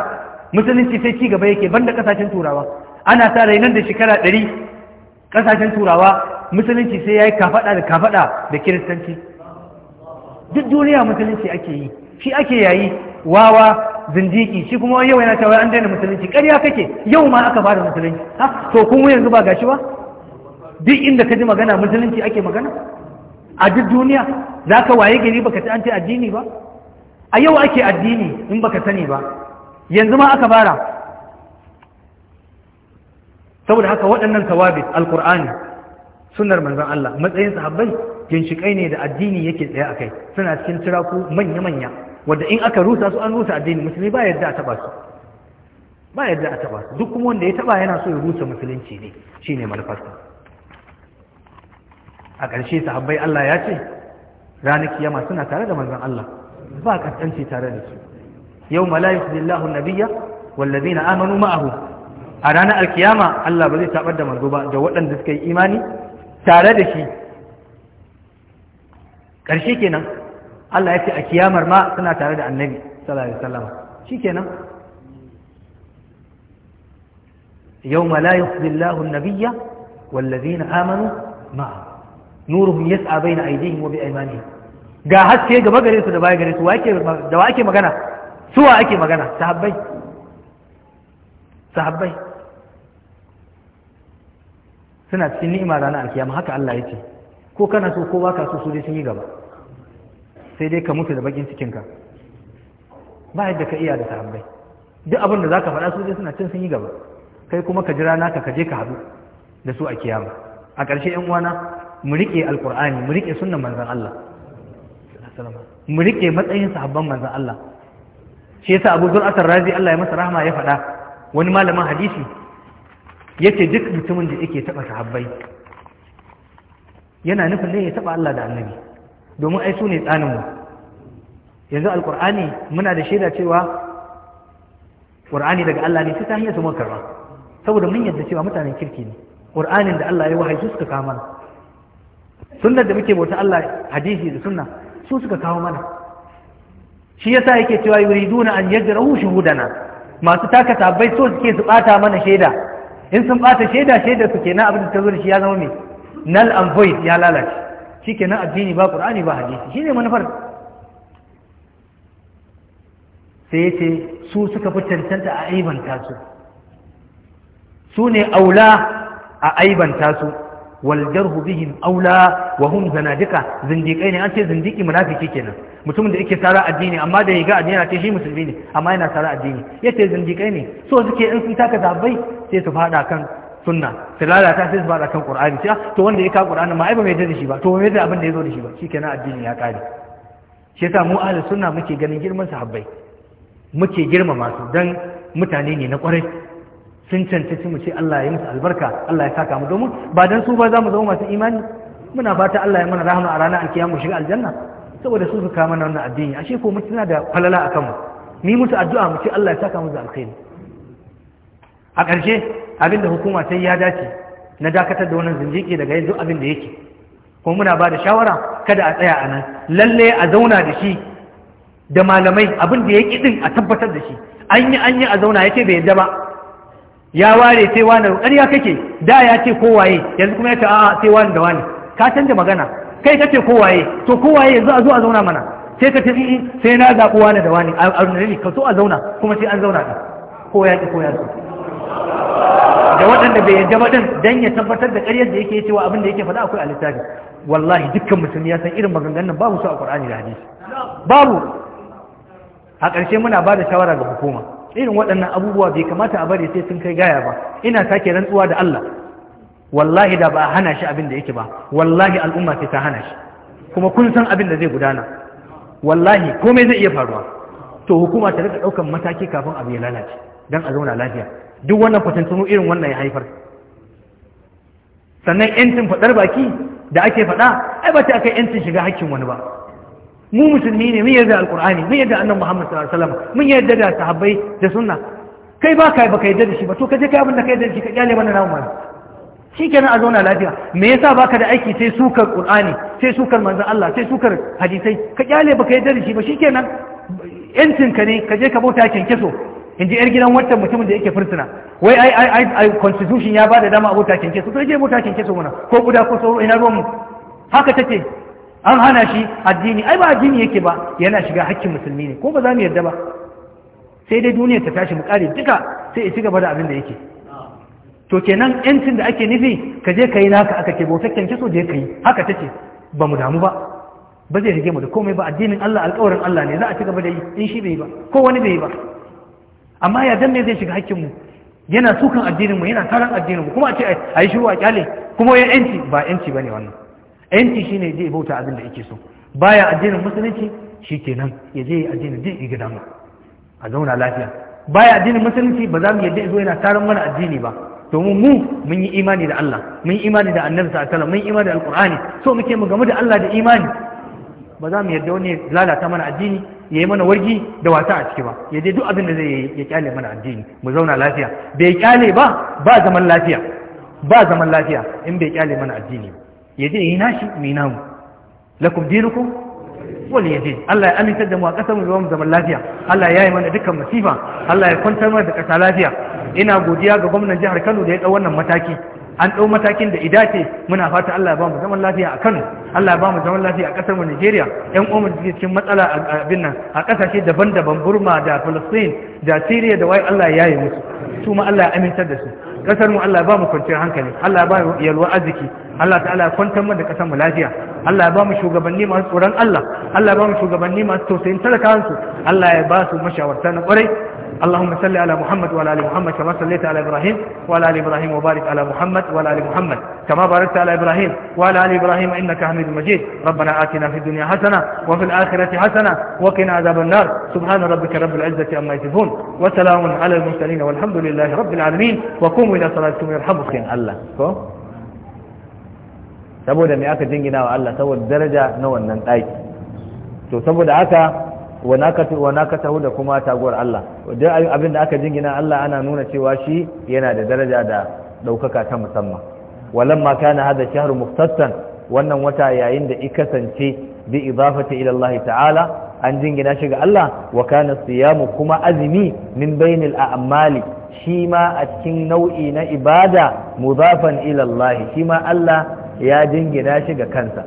musulunci sai ci gaba yake banda kasashen turawa ana sa rai nan da shekara ɗari kasashen turawa musulunci sai ya yi kafaɗa da kafaɗa da kiristanci duk duniya musulunci ake yi shi ake yayi wawa zindiki shi kuma yau yana cewa an daina musulunci ƙarya kake yau ma aka bada musulunci ha to kun yanzu ba gashi ba duk inda ka ji magana musulunci ake magana a duk duniya za ka waye gari baka ci an ce addini ba a yau ake addini in baka sani ba yanzu ma aka fara saboda haka waɗannan tawabit alkur'ani sunar manzan Allah matsayin sahabbai ginshikai ne da addini yake tsaye a kai suna cikin turaku manya-manya wadda in aka rusa su an rusa addini musulmi ba yadda a taba su ba yadda a taba su duk kuma wanda ya taba yana so ya rusa musulunci ne shine manufarsa a ƙarshe sahabbai Allah ya ce ranar kiyama suna tare da manzan Allah ba kasance tare da su yau malaikatu lillahi nabiyya wallazina amanu ma'ahu a ranar alkiyama Allah ba zai tabar da manzo ba da waɗanda suka yi imani tare da shi ƙarshe kenan Allah ya ce a kiyamar ma suna tare da annabi sallallahu alaihi wasallam shikenan يوم لا يخزي الله النبي والذين آمنوا معه نورهم يسعى بين أيديهم وبأيمانهم ga haske gaba gare su da baya gare su da wa ake magana su wa ake magana sahabbai sahabbai suna cikin ni'ima ranar alkiyama haka Allah ya ce ko kana so ko ba ka so su dai sun yi gaba sai dai ka mutu da bakin cikin ka ba yadda ka iya da sahabbai duk abin da zaka faɗa su dai suna cin sun yi gaba kai kuma ka jira naka ka je ka haɗu da su a kiyama a ƙarshe 'yan uwana mu riƙe alƙur'ani mu riƙe sunnan manzon Allah mu rike matsayin sahabban manzon Allah shi yasa Abu Zur'atar Razi Allah ya masa rahama ya faɗa wani malamin hadisi yace duk mutumin da yake taba sahabbai yana nufin ne ya taba Allah da Annabi domin ai su ne tsanin mu yanzu alqur'ani muna da shaida cewa qur'ani daga Allah ne sai ta hanyar su mun karba saboda mun yadda cewa mutanen kirki ne qur'anin da Allah ya wahayi suka kama sunnar da muke bauta Allah hadisi da sunna su suka kawo mana shi yasa yake cewa yuriduna an yajrahu shuhudana masu taka tabbai so suke su bata mana shaida in sun bata shaida shaida su kenan abin da ta zo da shi ya zama me null and void ya lalace shi kenan addini ba qur'ani ba hadisi shine manufar sai yace su suka fi cancanta a aibanta su su ne aula a aibanta su wal jarhu bihim aula wa hum zanadika zindikai ne an ce zindiki munafiki kenan mutumin da yake tsara addini amma da yiga addini yana ce shi musulmi ne amma yana tsara addini yace zindiqai ne so suke in sun taka zabai sai su fada kan sunna su lalata sai su fada kan qur'ani sai ah, to wanda ya ka qur'ani ma ai ba mai da shi ba to mai da abin da yazo da shi ba shikenan addini ya kare shi yasa mu ahlus sunna muke ganin girman sahabbai muke girmama su dan mutane ne na kwarai sun cancanci mu ce Allah ya musu albarka Allah ya saka mu domin ba dan su ba za mu zama masu imani muna fata Allah ya mana rahama a ranar alkiyama mu shiga aljanna saboda su suka mana addini ashe ko mu tana da falala akan mu ni musu addu'a mu ce Allah ya saka mu da alkhairi a ƙarshe abinda hukuma sai ya dace na dakatar da wannan zinjiki daga yanzu abin da yake ko muna ba da shawara kada a tsaya a nan lalle a zauna da shi da malamai abin da ya ƙi din a tabbatar da shi an yi an yi a zauna yake bai yadda ba ya ware sai wani ƙarya kake da ya ce kowaye yanzu kuma ya ce a'a sai wani da wani ka canza magana kai ka ce kowaye to kowaye yanzu a zo a zauna mana sai ka ii sai na zaɓi wani da wani a runari ka so a zauna kuma sai an zauna ɗin ko ya ƙi ko ya da waɗanda bai yadda waɗin don ya tabbatar da ƙaryar da yake cewa abin da yake faɗa akwai a littafi wallahi dukkan musulmi ya san irin maganganun babu su a ƙur'ani da hadisi babu a ƙarshe muna ba da shawara ga hukuma irin waɗannan abubuwa bai kamata a bari sai sun kai gaya ba ina sake rantsuwa da Allah wallahi da ba a hana shi abin da yake ba wallahi al'umma sai ta hana shi kuma kun san abin da zai gudana wallahi komai zai iya faruwa to hukuma ta rika ɗaukan mataki kafin abu ya lalace don a zauna lafiya duk wannan fatantunu irin wannan ya haifar sannan yancin faɗar baki da ake faɗa ai ba ta aka yancin shiga hakkin wani ba mu musulmi ne mun yadda alkur'ani mun yadda annan muhammad sallallahu alaihi wasallam mun yadda da sahabbai da sunna kai ba ka baka yadda da shi ba to ka je kai abin da ka yadda da shi ka kyale mana namu mana shikenan a zauna lafiya me yasa baka da aiki sai sukar qur'ani sai sukar manzon Allah sai sukar hadisai ka kyale baka yadda da shi ba shikenan yancin ka ne ka je ka bauta kenkeso in ji yar gidan wancan mutumin da yake fursuna wai ai ai ai constitution ya bada dama abota kenkeso to je bauta kenkeso mana ko guda ko sauro ina ruwan haka take an hana shi addini ai ba addini yake ba yana shiga hakkin musulmi ne ko ba za mu yarda ba sai dai duniya ta tashi mu kare duka sai ya ci gaba da abin da yake to kenan yancin da ake nufi ka je ka yi naka aka ke bautar kyanke so je ka yi haka ce ba mu damu ba ba zai rige mu da komai ba addinin Allah alƙawarin Allah ne za a ci gaba da yi in shi bai ba ko wani bai ba amma ya dan me zai shiga hakkin mu yana sukan addinin mu yana taran addinin mu kuma a ce a yi shiru a kyale kuma ya yanci ba yanci bane wannan yanci ne zai bauta abin da yake so baya addinin musulunci shi shikenan ya je addinin din iga dama a zauna lafiya baya addinin musulunci ba za mu yadda zo yana taron mana addini ba domin mu mun yi imani da Allah mun yi imani da Annabi sallallahu alaihi mun yi imani da Alqur'ani so muke mu gamu da Allah da imani ba za mu yadda wani lalata mana addini ya yi mana wargi da wata a ciki ba ya je duk abin da zai ya kyale mana addini mu zauna lafiya bai kyale ba ba zaman lafiya ba zaman lafiya in bai kyale mana addini ba ya yi nashi mai namu lakum dinukum wani ya je Allah ya aminta da mu a ƙasar mu zaman lafiya Allah ya yi mana dukkan masifa Allah ya kwantar mana da ƙasa lafiya ina godiya ga gwamnan jihar Kano da ya ɗau wannan mataki an ɗau matakin da idace muna fata Allah ya ba mu zaman lafiya a Kano Allah ya ba mu zaman lafiya a ƙasar mu Nigeria ƴan umar da cikin matsala a abin nan a ƙasashe daban-daban Burma da Palestine da Syria da wai Allah ya yi musu su ma Allah ya amintar da su ƙasar mu Allah ya ba mu kwanciyar hankali Allah ya ba mu yalwa arziki Allah ta'ala ya kwantar mu da kasar mu lafiya Allah ya ba mu shugabanni masu tsoron Allah Allah ya ba mu shugabanni masu tausayin talakansu Allah ya ba su mashawarta na kwarai اللهم صل على محمد وعلى ال محمد كما صليت على ابراهيم وعلى ال ابراهيم وبارك على محمد وعلى ال محمد كما باركت على ابراهيم وعلى ال ابراهيم انك حميد مجيد ربنا آتنا في الدنيا حسنه وفي الاخره حسنه وقنا عذاب النار سبحان ربك رب العزه عما يصفون وسلام على المرسلين والحمد لله رب العالمين وقوموا الى صلاتكم يرحمكم الله saboda me aka jingina wa Allah saboda daraja na wannan ɗaki to saboda haka wana ka tahu da kuma taguwar Allah duk abin da aka jingina Allah ana nuna cewa shi yana da daraja da ɗaukaka ta musamman walan ma kana hada shahar muftassan wannan wata yayin da i kasance bi idafati ila Allah ta'ala an jingina shi ga Allah wa kana siyamu kuma azumi min bainil a'mali shi ma a cikin nau'i na ibada mudafan ila Allah shi ma Allah ya jingina shi ga kansa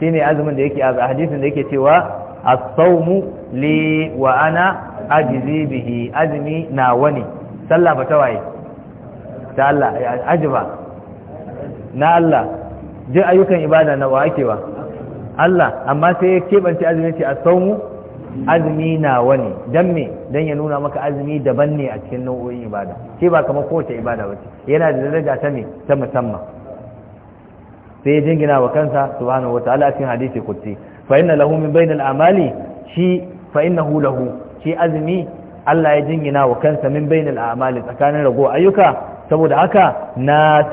ne azumin da yake a hadisin da yake cewa a saumu li wa ana ajizi bihi azumi na wani sallah ba ta waye ta Allah ajiba na Allah duk ayyukan ibada na wa ake ba Allah amma sai ya kebance azumi ce a saumu azumi na wani dan me dan ya nuna maka azumi daban ne a cikin nau'o'in ibada shi ba kamar kowace ibada ba yana da daraja ta me ta musamman sai ya jingina wa kansa subhanahu wataala cikin hadisi qudsi fa inna lahu min bainal amali shi fa innahu lahu shi azumi Allah ya jingina wa kansa min bainal amali tsakanin rago ayyuka saboda haka na